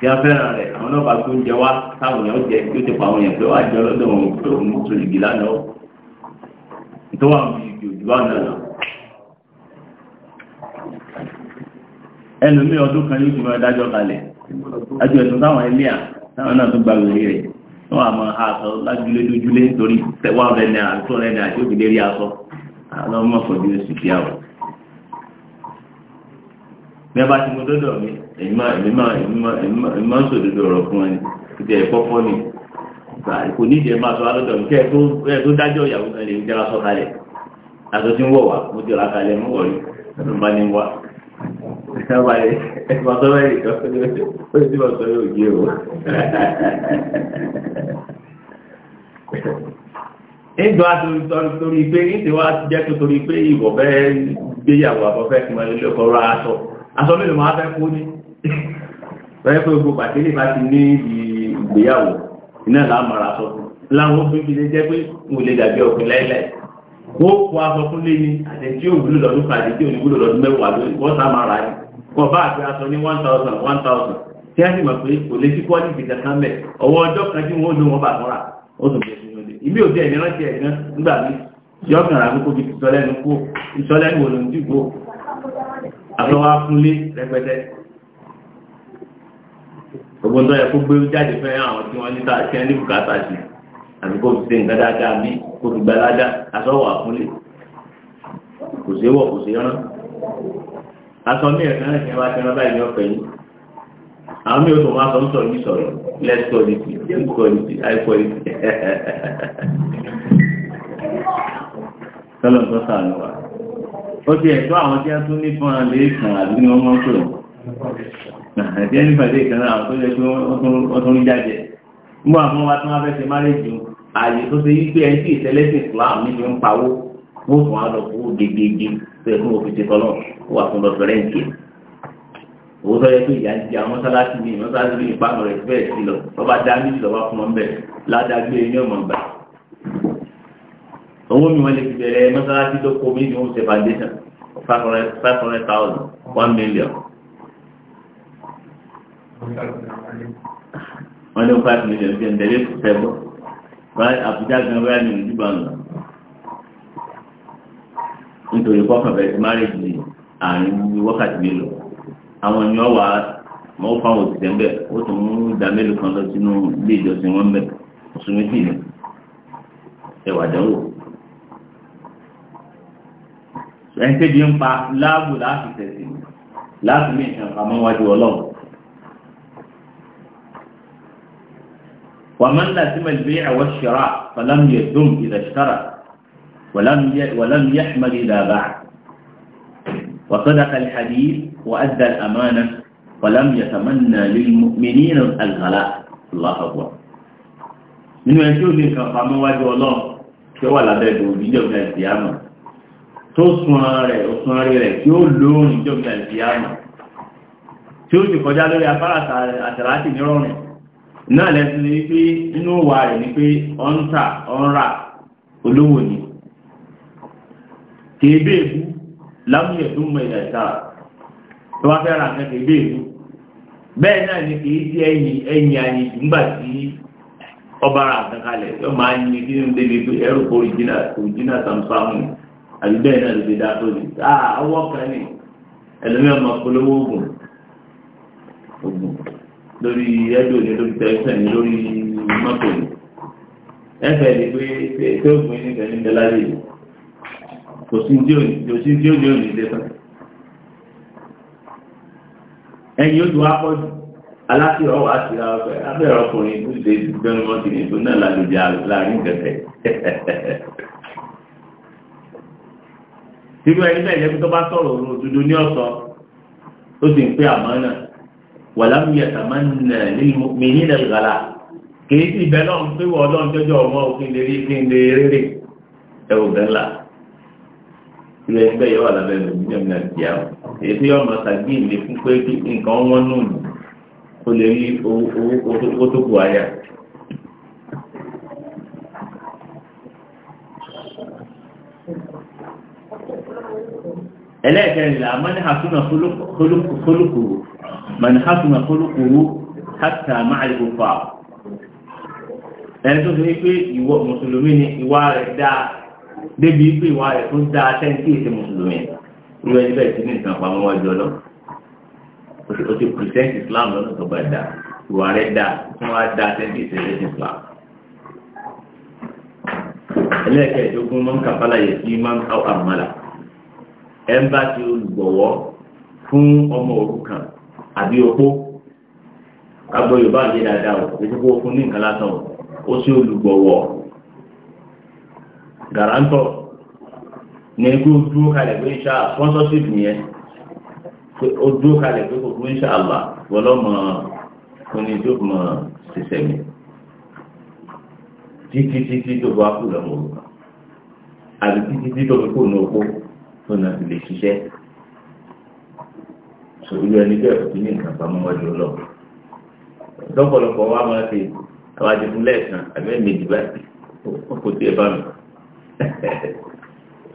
tí a fẹ́ràn rẹ̀ àwọn náà bá tó ń jẹ wá táwọn èèyàn jẹ kí ti pa àwọn èèyàn pé wá jẹ lọ́dọ̀ òun pé òun tó lè gbé lánàá tó wà ní ìdí òjò náà lọ. ọdún kan yóò ti máa dájọ́ kalẹ̀ àjọ ẹ̀sùn táwọn ẹlẹ́ à táwọn náà tó gba lórí torí a bí a bá ti èyí máa èyí máa èyí máa ń sòdodo ọ̀rọ̀ fún ẹni ìdí ẹ̀ kọ́kọ́ ni kò ní ìdí ẹ̀ máa sọ alọ́dọ̀ mi kẹ́ ẹ tó dájọ́ ìyàwó kan lè ń jẹ́ra sọ́kalẹ̀ aṣọ tí ń wọ̀ wá mo jọra kalẹ̀ mú wọ̀ rí ẹnu bá ní wá ẹ̀fọ́ sọ́wọ́ ẹ̀ ìjọ ó sì wọ́n sọ yóò yé o. ìjọ àtòrí torí pé ìdí wa jẹ́ tó torí pé ìwọ̀ fẹ́ gbéyàwó àbọ̀fẹ́ tí wọ́n lè lọ́kọ̀ọ́ ra aṣọ aṣọ mélòó máa fẹ́ kú ní. lọ́yẹ́ pé gbogbo pàtẹ́lẹ̀ bá ti ní ìgbéyàwó iná lámàrà sọ láwọn tó fi lè jẹ́ pé mo lè dàbí ọkùnrin láìláì wọ́n kó aṣọ fún lé ní àtẹ̀tí òwúlò lọ́dún kan àtẹ̀tí lọ́dún mẹ́wàá lórí wọ́n sá máa one thousand one thousand tí a sì mọ̀ pé kò lè sí kọ́ọ̀lì kankan mẹ́ ọwọ́ ọjọ́ kan tí wọ́n lò wọ́n bà gbogbo tó yẹ kó gbé jáde fẹ́ àwọn tí wọ́n níta tí wọ́n ní bùkátà sí àti kó fi ṣe nǹkan dáadáa bí kó fi gbalada asọ́wọ́ àkúnlé kò sí wọ̀ kò sí rán aṣọ mi ẹ̀ka náà ti wá ti rán báyìí ní ọ̀pẹ yìí àwọn mi ò tó máa sọ ń sọ̀rọ̀ yìí sọ̀rọ̀ less quality good quality high quality tọ́lọ̀ tó sàánú wa ó ti ẹ̀tọ́ àwọn tí wọ́n tún ní fún àlè ìkànnì àbí ni wọ́n mọ́ pè àti ẹni pàdé ìkan náà tó yẹ kí wọ́n tún rí jáde nígbà fún wa tí wọ́n fẹ́ ṣe márèjì ààyè tó ṣe wípé ẹni tí ìtẹ́lẹ́sìn Islam níbi ń pawó wọ́n tún wá lọ fún gègége tó yẹ kí wọ́n fi ṣe tọ́lọ̀ wà fún lọ fẹ́rẹ́ nìkè owó tó yẹ kí ìyá ń jẹ àwọn mọ́sálásí mi mọ́sálásí mi ìpamọ́ rẹ̀ fẹ́ẹ̀ sí lọ lọ́ba dá méjì lọ́ba fún wọn bẹ̀ ládàgbé ní ọmọ gbà owó mi wọ́n lè fi bẹ̀rẹ̀ mọ́sálásí tó kó mi ní oúnjẹ foundation five hundred thousand one million wọ́n ní five million ṣe ń tẹ̀lé sẹ́gbọ́ Àbújá gan bẹ́ẹ̀ ni ìdíbò àná nítorí kọ́kàn bẹ́ẹ̀ ti márèjì ni àárín wákàtí mélòó àwọn ènìyàn wà wọ́n fáwọn òṣìṣẹ́ ńbẹ̀ ó tún mú ìdá mélòó kan lọ sínú ilé ìjọsìn wọn ńbẹ̀ mùsùlùmí sì ni ẹwà dánwò ẹni tẹ́bi ń pa láàbù láti tẹ̀sí láti mí ìṣàǹfààní wájú ọlọ́run. ومن لازم البيع والشراء فلم يذم إذا اشترى ولم ولم يحمل إذا باع وصدق الحديث وأدى الأمانة ولم يتمنى للمؤمنين الغلاء الله أكبر من يشوف من كفام واجه الله كيف ولا بيبه بيجو في القيامة توصناري وصناري لك كيف لون يجو في القيامة كيف تقول يا فرص أتراتي نيروني náà lẹ́sìn ní pé nínú òwà rẹ̀ ní pé ọ́n tà olówó ni kèébé èbú lámúyẹ̀ tó mọ ìyà ìta tó wá fẹ́ ra nǹkan kèébé èbú bẹ́ẹ̀ náà ni kèé di ẹ̀yìn ẹ̀yìn àyè nígbà tí ọba ra nǹkan kalẹ̀ yóò máa ń yin kí ní débi pé ẹrù kó sàmùsàmù àbí bẹ́ẹ̀ náà lórí ẹjọ́ òde lórí tẹlifíṣàn ní lórí mọ́tò ní ẹfẹ ni pé tó gbin níbẹ̀ níbẹ̀ láyé yìí kò sí tí ò ní òní dé tán ẹyin ojú wa pọ̀ jù aláṣẹ ọwọ́ àti ọbẹ̀ abẹ́rẹ́ ọkùnrin tó ṣe gbẹ́nu mọ́tò ní tó náà lálejò láàrin kẹ̀kẹ́ irú ẹni bẹ́ẹ̀ yẹ kó tó bá sọ̀rọ̀ òun òdodo ní ọ̀sán ó sì ń pé àmọ́ náà wàlámù yàtàmánà lèmi nílẹ̀ ìgbàlá kìí sí ibẹ̀ náà ń pé wọ́n ọlọ́run jọjọ́ ọmọ òfin lè rí fín lè rere ẹwù bẹ́ńlá ilẹ̀ ẹgbẹ́ yẹn wà lábẹ́ ẹ̀rọ ìjọba náà ti yà èyí ní o lè man hasuna khuluquhu hatta ma'al kufar ẹni tó fi pé ìwọ mùsùlùmí ni ìwà rẹ̀ dáa débi pé ìwà rẹ̀ tó dáa tẹ́ǹtì èsì mùsùlùmí irú ẹni bẹ́ẹ̀ sí ní ìtàn àpamọ́ ọjọ́ lọ o ti present Islam lọ́nà tó bá dáa ìwà rẹ̀ dáa tí wọ́n á dáa tẹ́ǹtì èsì rẹ̀ Islam. ẹlẹ́ẹ̀kẹ́ ìdógún mọ́ ń kàfàlà yẹ sí máa ń káwọ́ àmàlà ẹ̀ ń bá ti olùgbọ̀wọ́ fún ọmọ òrukàn àbí opó agbọ́ yorùbá yìí dáadáa o ètò kó fún ní nǹkan lásán ó sì olùgbọ̀wọ̀ gàrántọ̀ ní ikú dúró kalẹ̀ pé ṣá sponsorship nìyẹn ó dúró kalẹ̀ pé kò fún ṣáàlà wọlọ́mọ fún ní tó mọ̀ ṣiṣẹ́ mi títí títí tó bá kú lọ́mọ òrùka àbí títí tó fi kú ní opó tó náà ti lè ṣiṣẹ́ sòrí ẹni bẹ́ẹ̀ kò sí ní nǹkan kan mọ́ ọjọ́ lọ. lọ́pọ̀lọpọ̀ wa máa ṣe àwọn àjẹkùn lẹ́ẹ̀kan àbí méjì báyìí kò tiẹ̀ bá mi.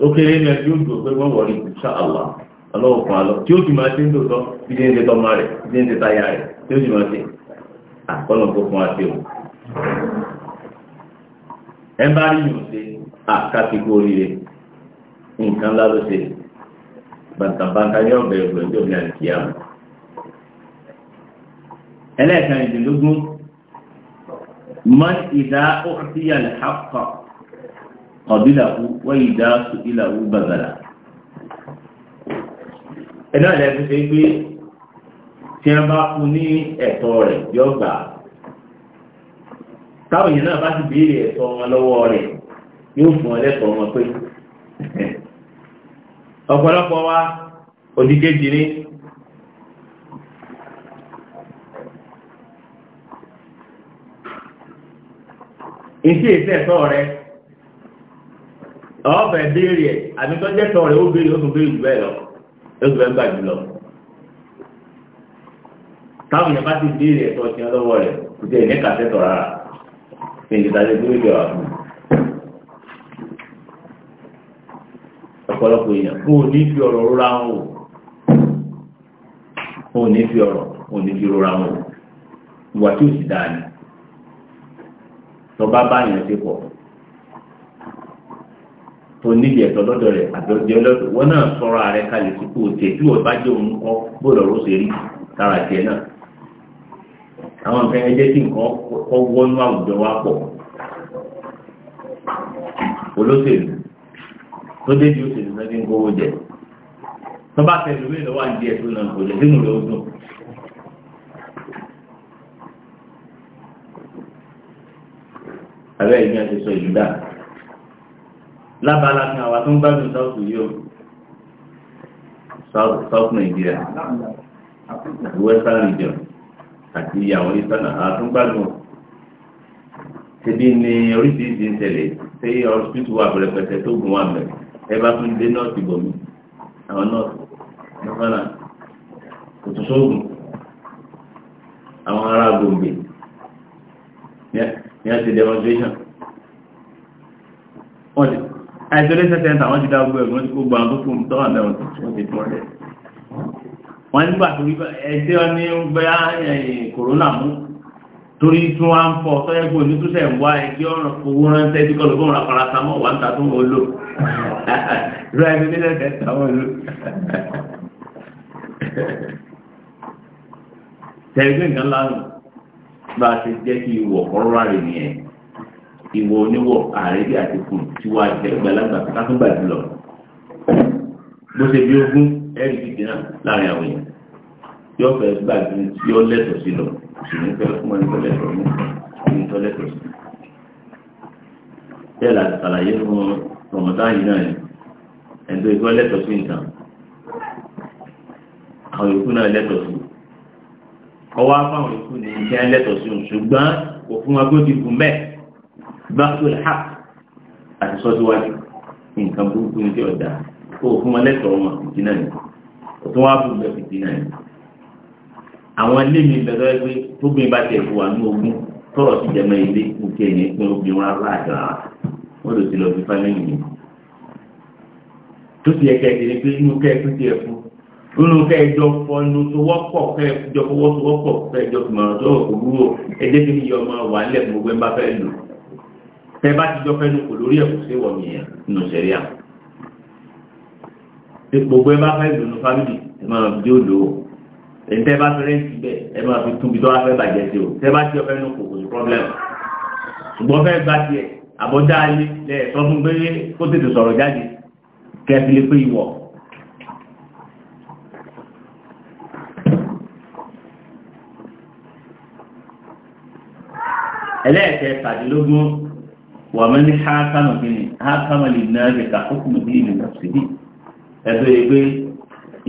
ó kéré ní ẹbí òjò pé wọ́n wọlé insha Allah ọlọ́wọ́ kan lọ tí ó ti máa ṣe ń lòótọ́ bí ṣe ń ṣe tọ́mọ rẹ̀ bí ṣe ń ṣe táyà rẹ̀ tí ó ti máa ṣe àkọlọ̀ tó fún wa ṣe o. ẹ bá rí yòó ṣe àkàtìkò oríire nǹkan lá ló ṣe bàtàbàtà ní ọ̀bẹ̀ ìwẹ̀ ní omi àìkíyà ẹlẹ́ẹ̀kan ìdìlógún man ìdá ọ̀tíyà lẹ́hàpọ̀ ọ̀bílàwú wọ́n ìdá sùbílàwú bàbàlà ẹ̀nà ẹ̀lẹ́fẹ́ pé tí a bá fún ní ẹ̀tọ́ rẹ̀ yọ gbà táwọn èèyàn náà bá ti béèrè ẹ̀tọ́ wọn lọ́wọ́ rẹ̀ yóò fún ọ lẹ́tọ̀ọ́ wọn pé ọ̀pọ̀lọpọ̀ wa òdìkejì ni ìsí ìsẹ̀tọ́ rẹ ọ̀ọ́fẹ́ béèrè ẹ̀ àbí tó jẹ́ tọ́ rẹ ó béèrè ó tún béèrè jù bẹ́ẹ̀ lọ ó tún bẹ́ẹ̀ gbà jù lọ táwọn èèyàn bá ti béèrè ẹ̀tọ́ ọ̀sìn ọlọ́wọ́ rẹ̀ kò tẹ̀ ní kàtẹ́tọ̀ rárá ní ìdíjáde tó ń jẹ́ wà fún ọ̀pọ̀lọpọ̀ èèyàn kó o ní fi ọ̀rọ̀ rora wọn o kó o ní fi ọ̀rọ̀ kó o ní fi rora wọn o ìwà tí ò sì dáa ni tọba bá yẹn ti pọ̀ tó níbi ẹ̀tọ́ lọ́dọ̀ rẹ̀ àtọ́jẹ́ lọ́dọ̀ wọn náà sọ̀rọ̀ ààrẹ kalẹ̀ sí kó o tẹ̀ tí o bá jẹ́ òun kọ́ gbọ́dọ̀ ló ṣe rí tara tiẹ̀ náà àwọn nǹkan yẹn jẹ́ kí nǹkan kọ́ wọnú àwùjọ wa pọ̀ olóṣèlú tó dé ju náà fi ń kówó jẹ tó bá tẹ̀lé ìwé lọ́wọ́ àǹdí ẹ̀ tó náà kò jẹ sínú rẹ̀ ó dùn. àbẹ́ ìgbín àti sọ ìlú dà lábala kan àwa tó ń gbádùn south yìí o south south Nigeria western region àti àwọn eastern àwa tó ń gbádùn ṣebí ni oríṣiríṣi ń tẹ̀lé ṣé hospital wà pẹ̀lẹ́pẹ̀lẹ́ tó gùn wà mẹ́rin ẹ bá tún dé nọ́ọ̀sì bọ̀ mí àwọn nọ́ọ̀sì nọ́fàlà òtúnṣóògùn àwọn ará Gombe ní a ti demonstration wọ́n ti isolation center wọ́n ti dá gbogbo ẹ̀gbọ́n tí kò gbọ́n tó fún tọ́wà mẹ́wọ̀n tó wọ́n ti tún ọ̀rẹ́ wọ́n nígbà tó rí ẹ̀ṣẹ́ ọ ní gbẹ́ corona mú torí tí wọ́n á ń fọ sọ́yẹ́gbò ní tó sẹ̀ ń wá ẹgbẹ́ ọ̀ràn owó ránṣẹ́ tí kọlù fún paracetamol wà ń ta tó ń *laughs* wọ́n lò rẹ ẹni nílẹ̀ tẹ̀sán wọn lò. tẹ̀gbẹ́ nǹkan lánàá bá a ti jẹ́ kí ìwọ̀ ọ̀rọ̀ rẹ̀ nìyẹn ìwọ̀ oníwọ̀ ààrẹ bí àti kù tí wàá jẹ́ gbalagbà ká tó gbà jùlọ. bó ṣe bí ogún ẹ̀rí ti dínà láàrin àwọn èèyàn yóò fẹ́ gbà ju yóò lẹ́tọ̀ọ́ sí lọ mùsùlùmí fẹ́ fún ẹni tó lẹ́tọ̀ọ́ mú ẹni tó lẹ́tọ̀ọ́ sí. bẹ́ẹ̀ la ṣàlàyé fún rọmọdá yìí náà ẹni tó ikú lẹ́tọ̀ọ́ sí nǹkan àwọn yòókù náà lẹ́tọ̀ọ́ sí. ọwọ́ afáwọn yòókù ní iṣẹ́ lẹ́tọ̀ọ́ sí ṣùgbọ́n òfin wa gbọ́dọ̀ ìbùn bẹ́ẹ̀ bá tó lè hàp àti sọ́síwájú nǹkan burúkú ní ti ọ̀dà kó òfin wa lẹ́tọ̀ọ́ wọn fìdí àwọn ilé mi bẹ̀rẹ̀ pé tóbi bá tẹ̀ fún wa ní ogún tọrọ ti jẹmọ ilé nké ní pé obìnrin wọn bá àjà wọn lò sí lọ sí fámìlì mi tó ti yẹ kẹ́kẹ́ ni pé inú kẹ́kẹ́ ti ẹ̀ fún nínú kẹjọ fọnù tó wọ́pọ̀ kẹjọ fọwọ́ tó wọ́pọ̀ kẹjọ fìmọ̀ràn tó wọ́pọ̀ gbúrò ẹjẹ́ kí ni ọmọ wà ń lẹ̀kùn gbogbo ẹ̀ bá fẹ́ lò tẹ bá ti jọ fẹ́ nu kò lórí ẹ̀kú sí wọ̀nyí yẹn nù sẹ́rí à gbogbo ẹ̀ bá fẹ́ lò nu fámìlì ẹ̀ máa bí ó lò ó èyí tẹ́ bá fi rẹ́ǹtì bẹ́ẹ̀ ẹ máa fi túbi tó wá fẹ́ bàjẹ́ sí o tẹ́ bá ti ọ̀fẹ́ nù kò kò sí problem ṣùgbọ́n fẹ́ gba tiẹ̀ àbọ̀dá ayé lẹ̀ sọ fún pé kó tètè sọ̀rọ̀ jáde kẹfì lè pé ìwọ̀. ẹlẹ́ẹ̀kẹ́ tàdínlógún wà mọ́ ní hákámọ̀ lè náà lè kà fún kùmù bí ìlú nàìjíríà ẹgbẹ́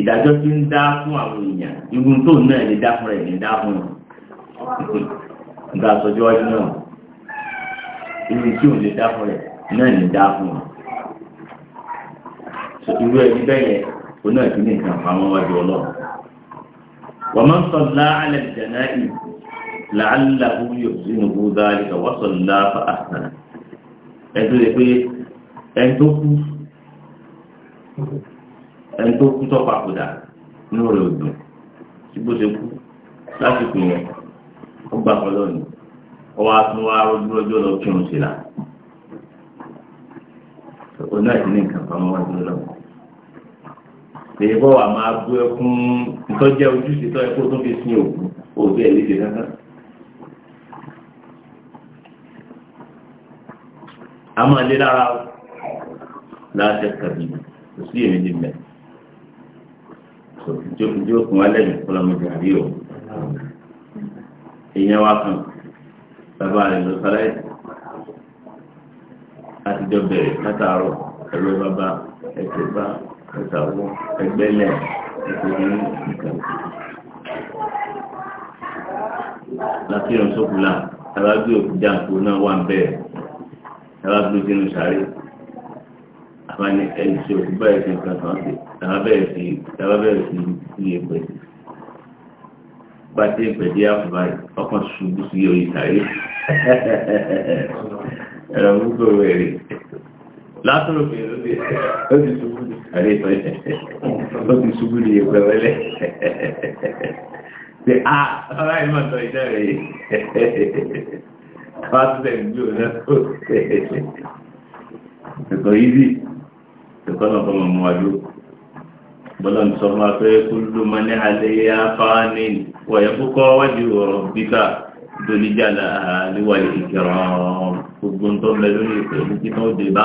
ìdájọ́ tí ń dá fún àwọn èèyàn igun tó náà lè dá fún rẹ̀ lè dá fún un nígbà sọjọ́ ọdún náà igun tí òun lè dá fún rẹ̀ náà lè dá fún un irú ẹni bẹ́yẹ o náà ti ní nǹkan pamọ́ wájú ọlọ́run wọ́n máa ń sọ láàlẹ̀ jẹ̀nà ì làálà fún yóò sínú kú dáríkà wọ́n sọ láàfà àsànà ẹ̀ tó lè pé ẹ̀ tó kú ẹni tó kú tó papòdà inú rẹ̀ ò dùn tí bó ṣe kú lásìkò yẹn ó gbà kọ́ lọ́nà ọwọ́ àtúnwá arọ́jú lọ́jọ́ lọ kírun sí la ó náà ti ní nǹkan pamọ́ wá sí lọ́wọ́ èyí bọ́ wà máa gbé ẹkún ìtọ́jẹ́ ojúṣe tó ẹkún tó fi sin òkú òbí ẹ̀ léṣe kankan. a máa lé lára láti ẹ̀ka bíi kò sí èmi ní mẹ́ta ìjó kùn wá lẹ́yìn kọlọmọdé àrí o èèyàn wá kan bàbá rẹ̀ lọ sáláì láti jọ bẹ̀rẹ̀ látàárọ̀ ẹ̀rọ bàbá ẹ̀kẹ́ bá ẹ̀sàwọ́ ẹgbẹ́lẹ̀ ẹ̀kẹ́ ní ìkàwé láti rìn sókùlà tàbá gbé òkú jàǹkó náà wà ń bẹ̀rẹ̀ tàbá gbé sínú sáré àwọn ẹni ẹsẹ òkú báyìí ṣe nǹkan kan ṣe tàbá bẹ̀rẹ̀ sí tàbá bẹ̀rẹ̀ sí sí ẹgbẹ́ bá tẹ ẹgbẹ́ dé àpò báyìí ọkàn ṣubú sí orí ìtàrí ẹ̀rọ gbogbo rẹ̀ látọ̀rọ̀ bẹ̀rẹ̀ ó ti ṣubú ní ìtàrí ó ti ṣubú ní ẹgbẹ́ wẹ́lẹ́ ṣe a ah, ọlá ìmọ̀ sọ ìdá rẹ̀ yìí káwá tó tẹ̀ ń gbé òun náà ó ẹ̀kọ́ yìí ìkọ́nà bọ́mọ̀ mú wájú bọ́lá ń sọ máa fẹ́ kúlú mọ́ ní àlẹ́yà fáánì wọ̀nyẹ́ púpọ̀ wájú ọ̀rọ̀ bíkà dolijala àníwáyé ìkẹrọ gbogbo ń tọ́ mẹ lórí ìpè ní títàn òde bá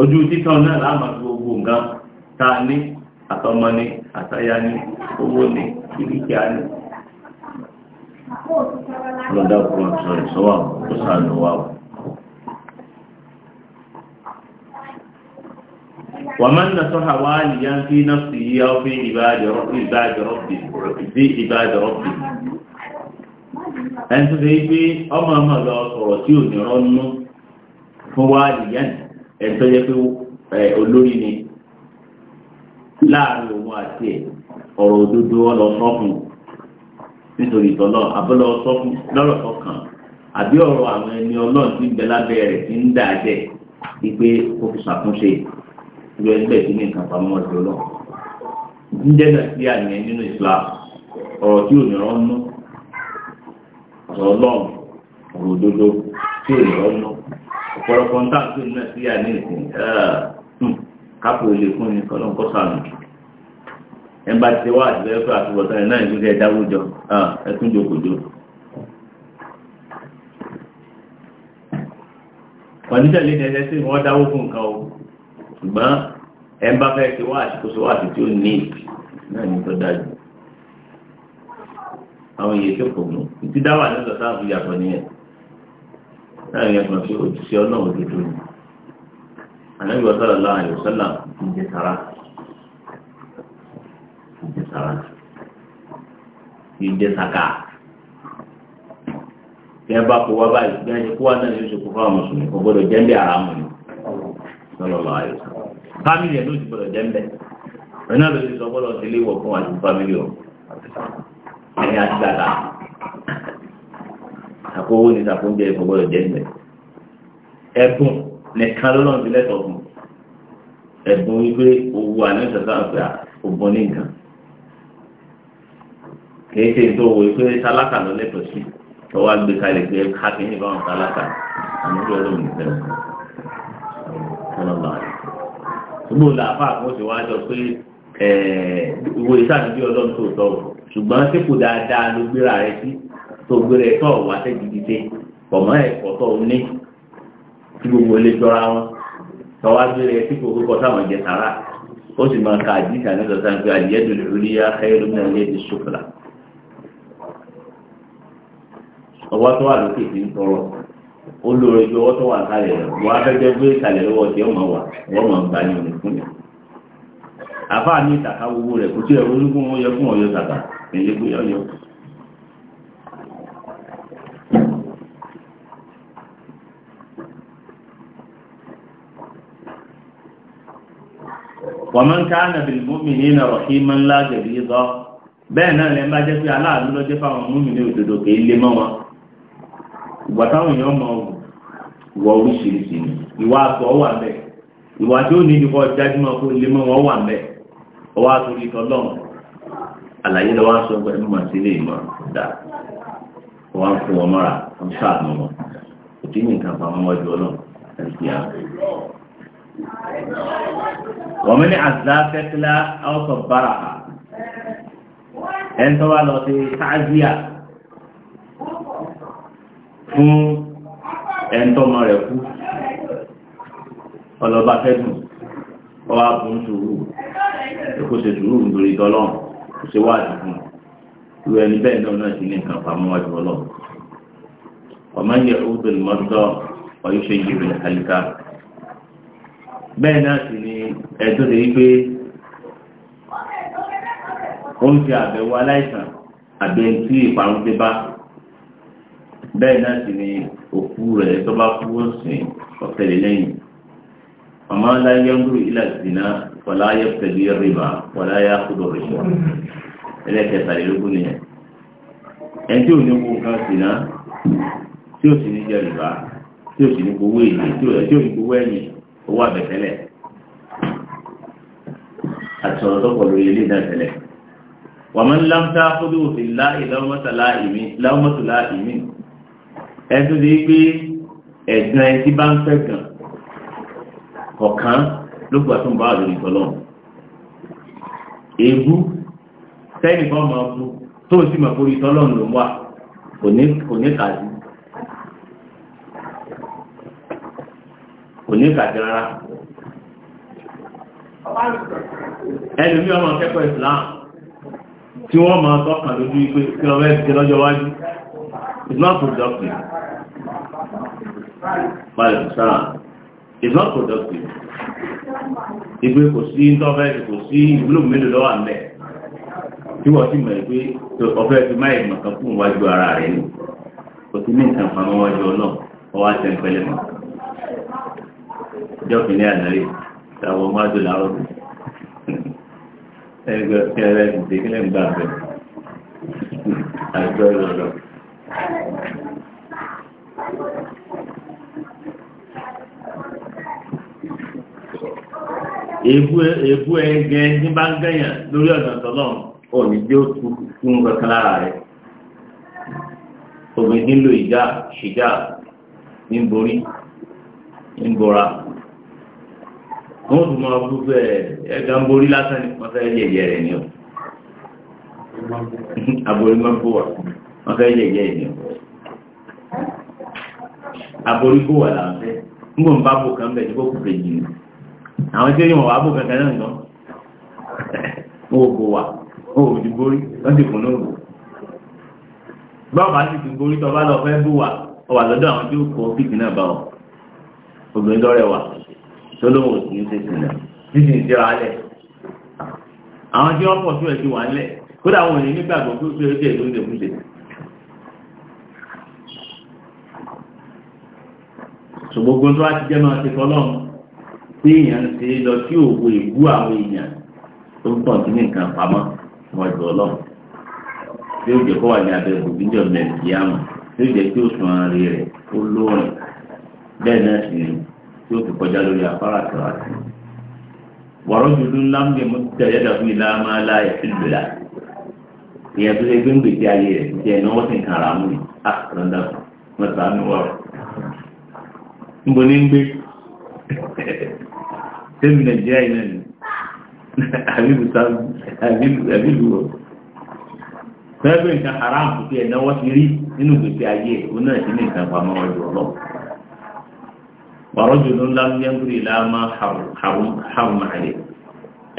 ojú títàn náà láàmà gbogbo nǹkan tá a ní àtọmọ ní àtayá ní owó ní kìlìkì á ní. lọ́dà kúrò sọ̀rọ̀ sọ́wọ́ kó sàánú o. ومن نصح واليا في نفسه أو في عباد ربه عباد ربه في عباد ربه ẹni tó ṣe pé ọmọ ọmọ sọ̀rọ̀ tí ò ní rọ́nú fún wàlìyàn ẹni tó yẹ pé ọ̀rọ̀ nítorí ìtọ́lọ́ lọ́rọ̀ àbí ọ̀rọ̀ àwọn ẹni ọlọ́run ti ń bẹ ìlú ẹgbẹ́ ìdí ní nǹkan pamọ́ ọdún lọ. jíjẹ́ nàìjíríà yẹn nínú Islam ọ̀rọ̀ tí ò ní rán nú ọ̀rọ̀ ọlọ́run ọ̀rọ̀ òdodo tí ò ní rán nú ọ̀pọ̀lọpọ̀ ń tàn sí nàìjíríà ní ìsìn kápò ilé fún ni kọ́lọ́n kọ́ sàmì ẹ̀ bá ti wá àtìlẹ́yìn fún àtúbọ̀tán ẹ̀ náà ìgbésẹ̀ ìdáwójọ ẹ̀ tún jòkòjò. pàdítẹ̀lé ni ẹ̀ẹ́sì wọ́n dáwó fún nǹkan o ṣùgbọ́n ẹ ń bá fẹ́ ṣe wá àsìkò ṣe wá àsìkò tí ó ní náà ní tó dájú àwọn èyí tó kò mú ìtí dáwà ní sọ sáà fi yàtọ̀ nìyẹn náà yẹn kan sí òṣìṣẹ́ ọ̀nà òdodo ni ànábì ọ̀sọ́lá láwọn àyè ọ̀sọ́lá ń jẹ sára ń jẹ sára ń jẹ sàkà kí ẹ bá kó wá báyìí bí wọn ṣe kó wá náà yóò ṣe kó fáwọn mùsùlùmí kò gbọdọ̀ jẹ́ ń bí ara mu ni sọlọ́lá àyè ọ̀sọ́lá fámìlì ẹ̀ ló ti gbọdọ̀ jẹ́ ń bẹ̀ ẹ̀ náà ló ti sọ gbọdọ̀ sí ilé ìwọ̀ fún àti fámìlì ọ̀ ẹ̀yìn àti dàda àkówó ni sàkóńjẹ ìfọ̀ gbọdọ̀ jẹ́ ń bẹ̀ ẹ̀bùn nìkan lọ́lọ́run ti lẹ́tọ̀ fún ẹ̀bùn wípé owó àná ìṣẹ̀dá àgbà òbọ̀ ní nǹkan kìí ṣe tó wo pé tálákà lọ lẹ́tọ̀ sí tó wá gbé kalẹ̀ pé káàkiri ní báwọn tálákà àmúlò ọlọ́run ìfẹ́ ọ̀sán ọlọ́run gbogbo làáfà kan ó sì wá jọ pé ìwé ìsàdúgbì ọlọ́run tó tọ̀ ṣùgbọ́n tí kò dáadáa ló gbéra rẹ sí tó gbéra ẹ̀ tọ̀ wá sẹ́gidi tẹ pọ̀mọ́ ẹ̀kọ́ tọ̀ ní tí gbogbo ilé jọra wọn tọ́wá gbéra ẹ̀ tí kò kókó táwọn jẹ sàrà ó sì máa ka àdìsí àníṣọ sáà pé àdìyẹ́dùn lórí akẹ́rù náà lé ti ṣòfòlà ọwọ́ tó wà lókè ti ń tọrọ. olóore ju ọwọ́ tó wà kálẹ̀ rẹ̀ wọ́n afẹ́jẹ́ gbé kálẹ̀ lọ́wọ́ tí ọmọ wà wọ́n mọ̀ ń ní ọ̀nà fún yà. àbá mi tàkà gbogbo rẹ̀ kò tí ẹ̀rọ olúkún wọn yẹ fún tàkà wọ́n máa ń ká mọ́mì ní máa ń bẹ́ẹ̀ náà lẹ́ bá jẹ́ pé aláàánú lọ́jẹ́ fáwọn mọ́mì ní kì í lé mọ́ wọ oríṣiríṣi ni ìwà àtọ̀ wà ń bẹ̀ ìwà tí ó ní ìdíkọ̀ jájúmọ́ kó lè mọ́ wọn wà ń bẹ̀ ọwọ́ àtúrí tọ́lọ́run àlàyé lọ́wọ́ aṣọ ọgbà ẹ̀mú àti ilé ìmọ̀ dà wọ́n á fún wọn mọ́ra wọ́n sáànù wọn òtí ní nǹkan pa wọn wájú ọlọ́run àti àwọn. wọ́n mi ní àzá fẹ́kílá ọ̀sọ̀ bára ẹ̀ ń tọ́wá lọ sí fún ẹ̀ńtọ́mọ rẹ̀ kú ọlọ́ba fẹ́dùn ọwọ́ abùn sùúrù kò ṣe sùúrù nítorí tọ́lọ́n kò ṣe wá àdìgún irú ẹni bẹ́ẹ̀ náà náà sì ní nǹkan pamọ́ wájú ọlọ́ ọmọ yẹ ọdún mọ́tọ́ ọyúṣe yìí rẹ̀ kálíkà bẹ́ẹ̀ náà sì ni ẹ̀tọ́ ṣe wípé ó ń ṣe àbẹ̀wò aláìsàn àbẹ̀ntì ìparun ti bá bẹ́ẹ̀ náà sì ni òkú rẹ̀ tó bá kú ó sìn ọ̀tẹ̀lẹ̀ lẹ́yìn ọmọ aláyé ń gbúrú ilà ìsìnà wọlá ayé pẹ̀lú rìbá wọlá ayé akúdọ̀ rìbá ẹlẹ́kẹtàlélógún nìyẹn ẹni tí ò ní kó nǹkan ìsìnà tí ò sì ní jẹ rìbá tí ò sì ní gbowó èyí tí ò ní gbowó ẹ̀yìn owó àbẹ̀tẹ́lẹ̀ àtọ̀rọ̀ tó pọ̀ náà tẹ́lẹ̀ wàmọ́ ńlá ń tá kó bí òfin ẹ̀tún di pé ẹ̀sìn ẹni tí bá ń fẹ́ kàn kọ̀kan ló gbà tó ń bá àlórí tọ́lọ́ èébú sẹ́yìn kan máa fún tó sì máa forí tọ́lọ́ ló wà kò ní kàdí kò ní kàdí rárá ẹlòmí ọmọ akẹ́kọ̀ọ́ Islam tí wọ́n máa tọ́kàn lójú pé kí lọ́jọ́ wájú It's not productive. Báyọ̀ sáà, it's not productive. Ìgbé kò sí ìtọ́fẹ́ kò sí ìwúlò mélòó lọ́wọ́ àmẹ́. Tí wọ́n ti mọ̀ pé ọ̀fẹ́ ti máa ìmọ̀ kan fún ìwájú ara rẹ̀ ni. Kò sí ní nǹkan pamọ́ wájú ọ̀nà ọwọ́ àti ẹ̀ńpẹ́lẹ́ mọ̀. Ìjọ kìíní àdáyé, ìtàwọn ọmọ àjò làárọ̀ kù. Ẹgbẹ́ kẹrẹ́ ìdíkẹ́lẹ́ ń gbà bẹ̀rẹ̀. Àìjọ ìrọ̀lọ́ èbú ẹgẹ ní bá ń gẹ̀yàn lórí ọ̀nà tọ́lọ́run ò ní jẹ́ ó tu fún kankan lára rẹ̀ obìnrin nílò ìjà ṣìjà ní borí ní bora wọ́n tún máa bú fẹ́ ẹ̀gá ń borí lásán ní wọ́n fẹ́ yẹ̀yẹ̀ rẹ̀ ni ó *laughs* aborí máa bó wà fún wọ́n fẹ́ yẹ yẹ ìyẹn àforíkó wà láwọn fẹ́ nígbà ń bá bò kan bẹ̀ nígbà kò kejì ni àwọn tí wọ́n wà bò kankan náà nìkan wọ́n ò bò wà ti ti e kùn náà lọ ọ wà lọ́dọ̀ àwọn kọ fíìkì náà bá ọ obìnrin lọ́rẹ̀ wà tó lóun ń ṣe sílẹ̀ títí ìṣẹ́ra alẹ̀ àwọn tí wọ́n pọ̀ sí ẹ̀ ti wà ń kódà àwọn ènìyàn ṣe ṣògbogbo tó wá ti jẹ́ máa ti tí èèyàn lọ sí òwò àwọn èèyàn tó ń pọ̀ sí ní nǹkan pamọ́ tí ó jẹ́ kó wà ní abẹ́ òbí jọ tí ó jẹ́ kí ó rẹ̀ ó bẹ́ẹ̀ náà sì ni tí ó fi kọjá lórí afárá àtàrà sí i. jùlọ ńlá ń gbé ilá máa ìyẹn tó ṣe gbé ń ayé rẹ̀ ni ah, á níbo ní ń gbé tẹ́mi nàìjíríà ni *laughs* ti rí nínú gbèsè ayé òun náà ní nǹkan ọjọ́ ọlọ́ ńlá ń yẹ́ngúrì láàmà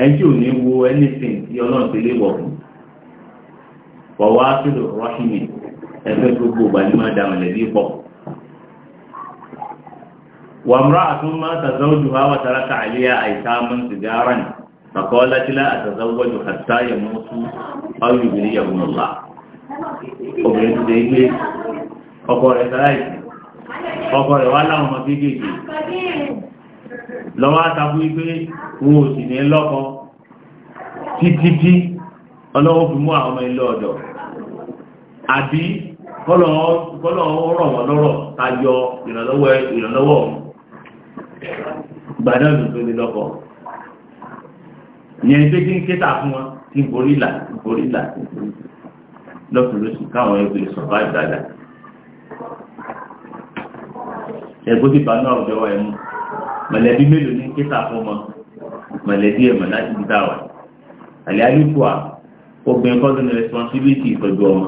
ẹjọ́ ò ní wo tí ọlọ́run ti wọ́n wá sílò rọ́ṣìmì ẹgbẹ́ gbogbo pọ̀. وامرأة ما تزوجها وترك عليها أيتاما سجارا فقالت لا أتزوج حتى يموت أو يبليهم الله obìnrin ti dé ilé ọkọ rẹ̀ sáláìsì ọkọ rẹ̀ wá láwọn ọmọ kéékèèké lọ́wọ́ àtàkù wípé wọn ò sì ní lọ́kọ títítí ọlọ́wọ́ fi mú àwọn ọmọ ilé ọ̀dọ̀ àbí kọ́lọ̀ ọ̀rọ̀ wọn lọ́rọ̀ ìrànlọ́wọ́ ọ̀hún gbàdán ló tó lé lọ́kọ̀ ìyẹn pé kí n ké tà fún wọn kí n borí là kí n borí là lọ́sùlọ́sù káwọn ẹgbẹ́ sọ̀rọ̀ àgbàdà ẹgbẹ́ ti bá náà jọwọ́ ẹ̀mú mọ̀lẹ́bí mélòó ní ké tà fún wọn mọ̀lẹ́bí ẹ̀mọ̀ láti bí táwà àlẹ́ àlùkùà obìnrin kọ́ lónìí responsibility ìtọ́jú ọmọ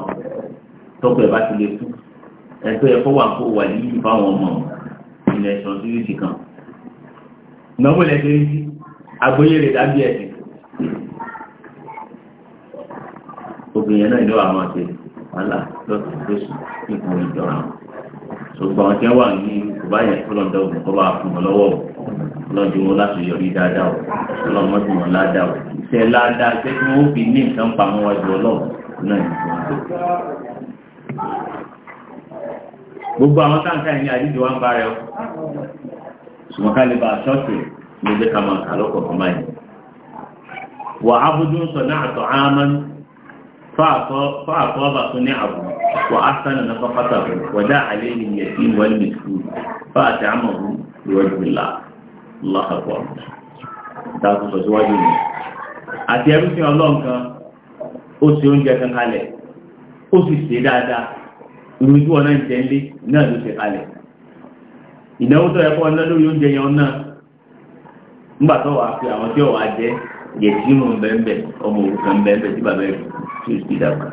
tọ́pọ̀ ẹ̀ bá ti lè kú ẹgbẹ́ ẹ̀kọ́ wà kó wà ní ìfáwọn ọmọ ìrìn responsibility kan ìnáwó lẹ́gbẹ́ yìí agbóyè rẹ̀ dábí ẹ̀sìn obìnrin náà ìlú àwọn àti wàhálà lọ́sùn lóṣù nípò ìjọra ṣùgbọ́n àwọn tí wọ́n wà ní ìkùbá yẹn kó lọ́dọ̀ ògùn kọ́ bá fún wọn lọ́wọ́ lọ́dún wọn láti yọrí dáadáa o lọ́mọ o iṣẹ́ ládàá iṣẹ́ tí wọ́n fi ní nǹkan pa àwọn ọjọ́ ọlọ́run náà ní ìfọ̀n. gbogbo àwọn táǹkà yìí ní àdíjọ wa ń bá rẹ o ṣùgbọ́n ká lè ba ṣọ́ọ̀ṣì ló dé ká máa kàlọ́ kọ̀ọ̀kan báyìí. wà á bójú sọ ní àtọ̀ ámán fáàkọ́ bá tún ní àbù wà á sánà náà fọ́ pátàkì wọ́dà àlẹ́ ni yẹ sí wọ́n ní sùúrù fáàtì àmọ̀ ọ̀hún ìwọ́jú ìlà lọ́kàkọ́ dákun sọ síwájú mi. àti ẹrú sí ọlọ́run kan ó ṣe oúnjẹ kan kalẹ̀ ó sì ṣe dáadáa ìrújú ọ̀nà ìjẹ́ńlé náà ló ṣe kalẹ̀ ìnáwó tó ẹ̀kọ́ ọ̀nà lórí oúnjẹ yẹn náà nígbà tó wàá fi àwọn tí ò wá jẹ yẹtìmù bẹ́ẹ̀ ọmọ òrukàn bẹ́ẹ̀ tí bàbá rẹ̀ tí ó ti dàgbà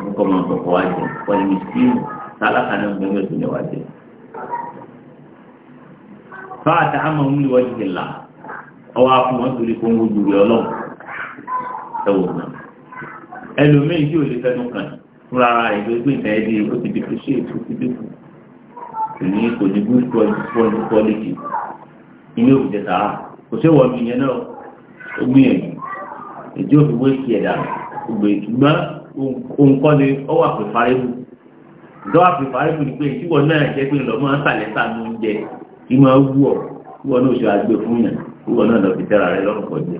wọn kọ́ máa kọ́kọ́ wá jẹ wọ́n ní stíìmù tálákà náà bẹ́ẹ̀ tó ní wá jẹ. fáà tá a máa ń lè wọ́n ti là ọwọ́ afún wọn torí kó ń wojú rẹ̀ ọlọ́run ẹ wò ná tí ò lè fẹnu kàn fúnra rẹ̀ ìgbésẹ̀ ìtẹ́ẹ́dì ó ti di kùsì ètò ìdìbò èyí kò ní good quality ilé òkùnjẹ sàá kò sí wọ́n mi yẹn náà ó gbìyànjú èdè òfin wé sí ẹ̀dá ògbè ṣùgbọ́n òǹkọ́ ni ó wà pè fáréwù ìjọ wà pè fáréwù ni pé ìṣíwọ̀n náà jẹ́ pé lọ́mọ sàlẹ̀ sàánú oúnjẹ kí wọ́n wú ọ̀ kí wọ́n náà ṣe àgbè fún yàn kí wọ́n náà lọ fi tẹ́ra rẹ lọ́rùn kọjá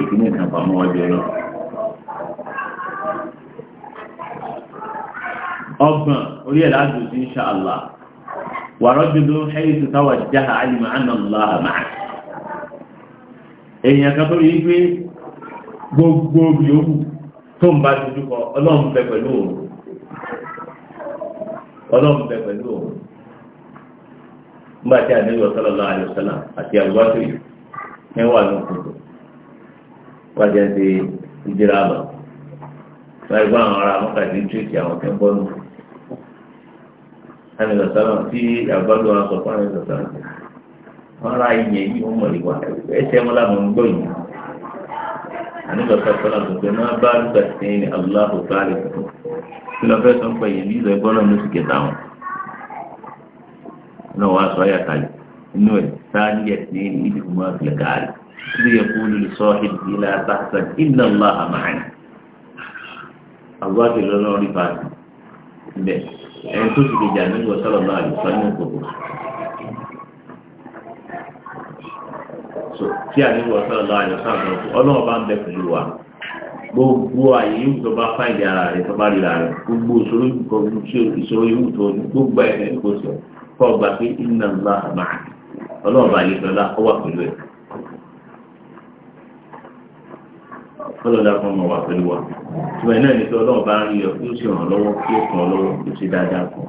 ìpínlẹ̀ kan pàmò ọjọ́ náà. ọgbọ̀n orí ẹ̀ láti òsì insha Allah wàrọ̀ dúdú haythu tawajjaha alima anna Allaha ma'ah èèyàn kan gbogbo ń bá dojú kọ ọlọ́run bẹ pẹ̀lú wasallam ti ìdíra lọ ẹni sọ̀tàrà tí àgbàdo wa sọ fún ẹni tí wọn ra ìyẹn yìí wọn mọ̀ ìwà ẹsẹ̀ wọn làwọn ń gbọ́ yìí àní sọ̀tàrà sọ̀tàrà sọ̀tàrà náà bá nígbà tí ní aláàbò káàlì tó kí lọ́ọ́ fẹ́ sọ ń pẹ̀ yẹn bí ìzọ̀ ẹgbọ́n náà ló sì kẹta wọn náà wàá sọ ayà kalẹ̀ inú ẹ̀ sáájú yẹ sí ibi kò máa fi káàlì tí yẹ kó lulú sọ ibi ilá tàṣà iná lọ́ àmàlẹ́ àwọn àti lọ́nà rí bá bẹ́ẹ̀. ẹni tó sì kejì àmì ìwọ sọlọ náà àlùfáà ní òkòkò tí àmì ìwọ sọlọ náà àlùfáà ní òkòkò ọlọ́wọ́ bá ń bẹ pẹ̀lú wa gbogbo àyè yìí tó bá fáìlì ara rẹ tó bá rí ara rẹ gbogbo ìṣòro ìkọ̀ọ̀dù tí ìṣòro yìí tó ní gbogbo ẹ̀ ní kò sọ kọ́ pé ìnáwó máa máa ọlọ́wọ́ bá yẹ kọ́lọ́dà kan mọ̀ wà pẹ̀lú wa ṣùgbọ́n náà ní pé ọlọ́run bá rí ọ yóò sì ràn lọ́wọ́ kí ó kàn ọ́ lọ́wọ́ kí ó sì dáadáa kan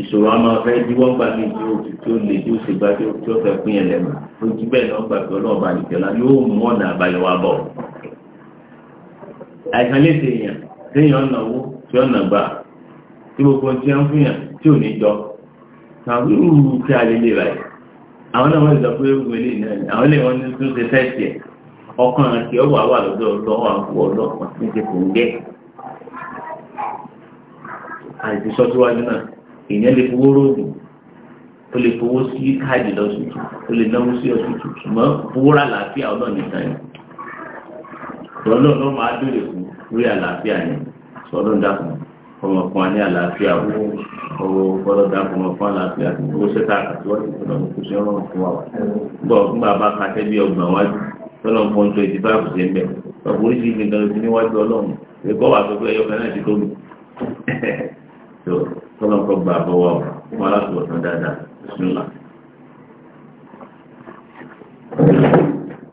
ìṣòro a máa fẹ́ jíwọ́ gbà mí tí ó ti tí ó lè tí ó sì gbà tí ó fẹ́ pín ẹ̀ lẹ́nu tó jí bẹ́ẹ̀ náà gbà pé ọlọ́ọ̀bà nìkẹ́lá yóò mú ọ̀nà àbáyọ wa bọ̀. àìsàn lè ṣèyàn téèyàn ọ̀nà owó tí ọ̀nà gbà tí gbogbo ohun tí wọ́n fún yàn tí ò ní jọ tàbí rúurú kí a lè ọkàn àti ọwọ́ àwà lọ́dọ̀ ọlọ́wọ́ àwọ̀ ọlọ́pàá ní ti kò ń gẹ́ àti sọ́síwájú náà èèyàn lè fowó róògùn ó lè fowó sí káàdì lọ́sùtù ó lè náwó sí ọ̀sùtù ṣùgbọ́n fowó rà láàfíà ọlọ́ọ̀ni sáyẹn ọlọ́ọ̀lọ́ máa dúró fún lórí àlàáfíà yẹn sọ́dọ̀ dákun ọmọkùnrin ní àlàáfíà owó owó fọlọ́dà ọmọkùnrin àlàáfíà owó ṣẹ́ta àkàtúwọ́sì fọlọ́dà ọmọkùnrin ọmọkùnrin wa bọ̀ fún bàbá kàtẹ́ bí ọgbọ̀n wájú tọ́lọ̀ ń pọ̀ nítorí ti bá àbùsẹ̀ ń bẹ̀ ọ̀pọ̀ oríṣiríṣi nǹkan ló ti níwájú ọlọ́run ẹ̀kọ́ wà sọ pé ẹyọ kan náà ti tóbi tó *laughs* tọ́lọ̀ kọ́ gba àbọ̀wọ̀ fún aláṣọ ọ̀sán dáadáa bismillah.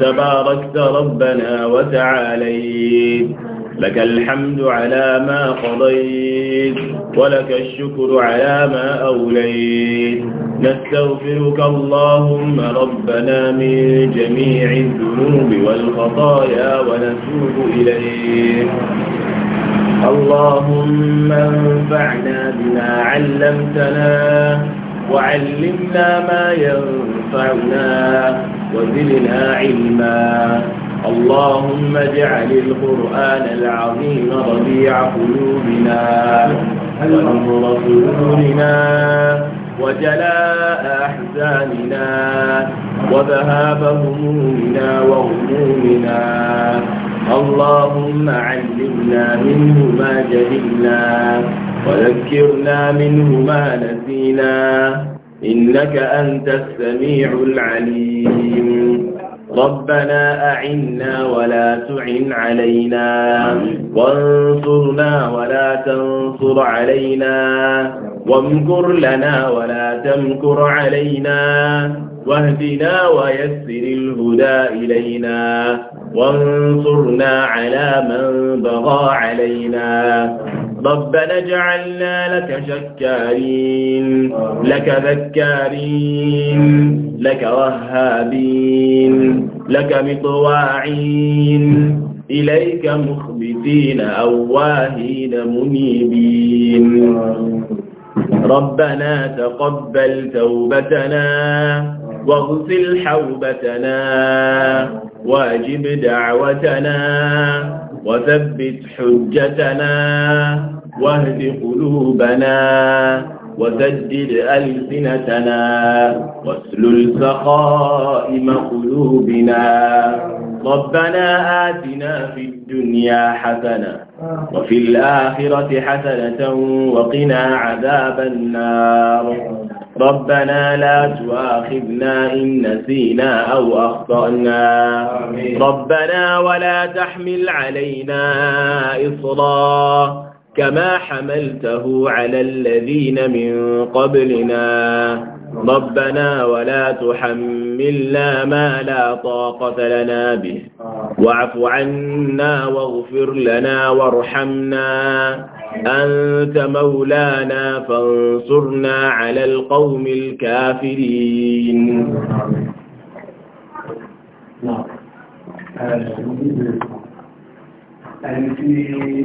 تباركت ربنا وتعاليت لك الحمد على ما قضيت ولك الشكر على ما أوليت نستغفرك اللهم ربنا من جميع الذنوب والخطايا ونتوب إليك اللهم انفعنا بما علمتنا وعلمنا ما ينفعنا وزدنا علما اللهم اجعل القرآن العظيم ربيع قلوبنا ونور صدورنا وجلاء أحزاننا وذهاب همومنا وغمومنا اللهم علمنا منه ما جهلنا وذكرنا منه ما نسينا إنك أنت السميع العليم ربنا أعنا ولا تعن علينا وانصرنا ولا تنصر علينا وامكر لنا ولا تمكر علينا واهدنا ويسر الهدى إلينا وانصرنا على من بغى علينا ربنا اجعلنا لك شكارين لك ذكارين لك وهابين لك مطواعين إليك مخبتين أواهين منيبين ربنا تقبل توبتنا واغسل حوبتنا واجب دعوتنا وثبت حجتنا واهد قلوبنا وسدد ألسنتنا واسلل سخائم قلوبنا ربنا آتنا في الدنيا حسنة وفي الآخرة حسنة وقنا عذاب النار ربنا لا تؤاخذنا إن نسينا أو أخطأنا ربنا ولا تحمل علينا إصرا كما حملته على الذين من قبلنا ربنا ولا تحملنا ما لا طاقة لنا به واعف عنا واغفر لنا وارحمنا أنت مولانا فانصرنا على القوم الكافرين نعم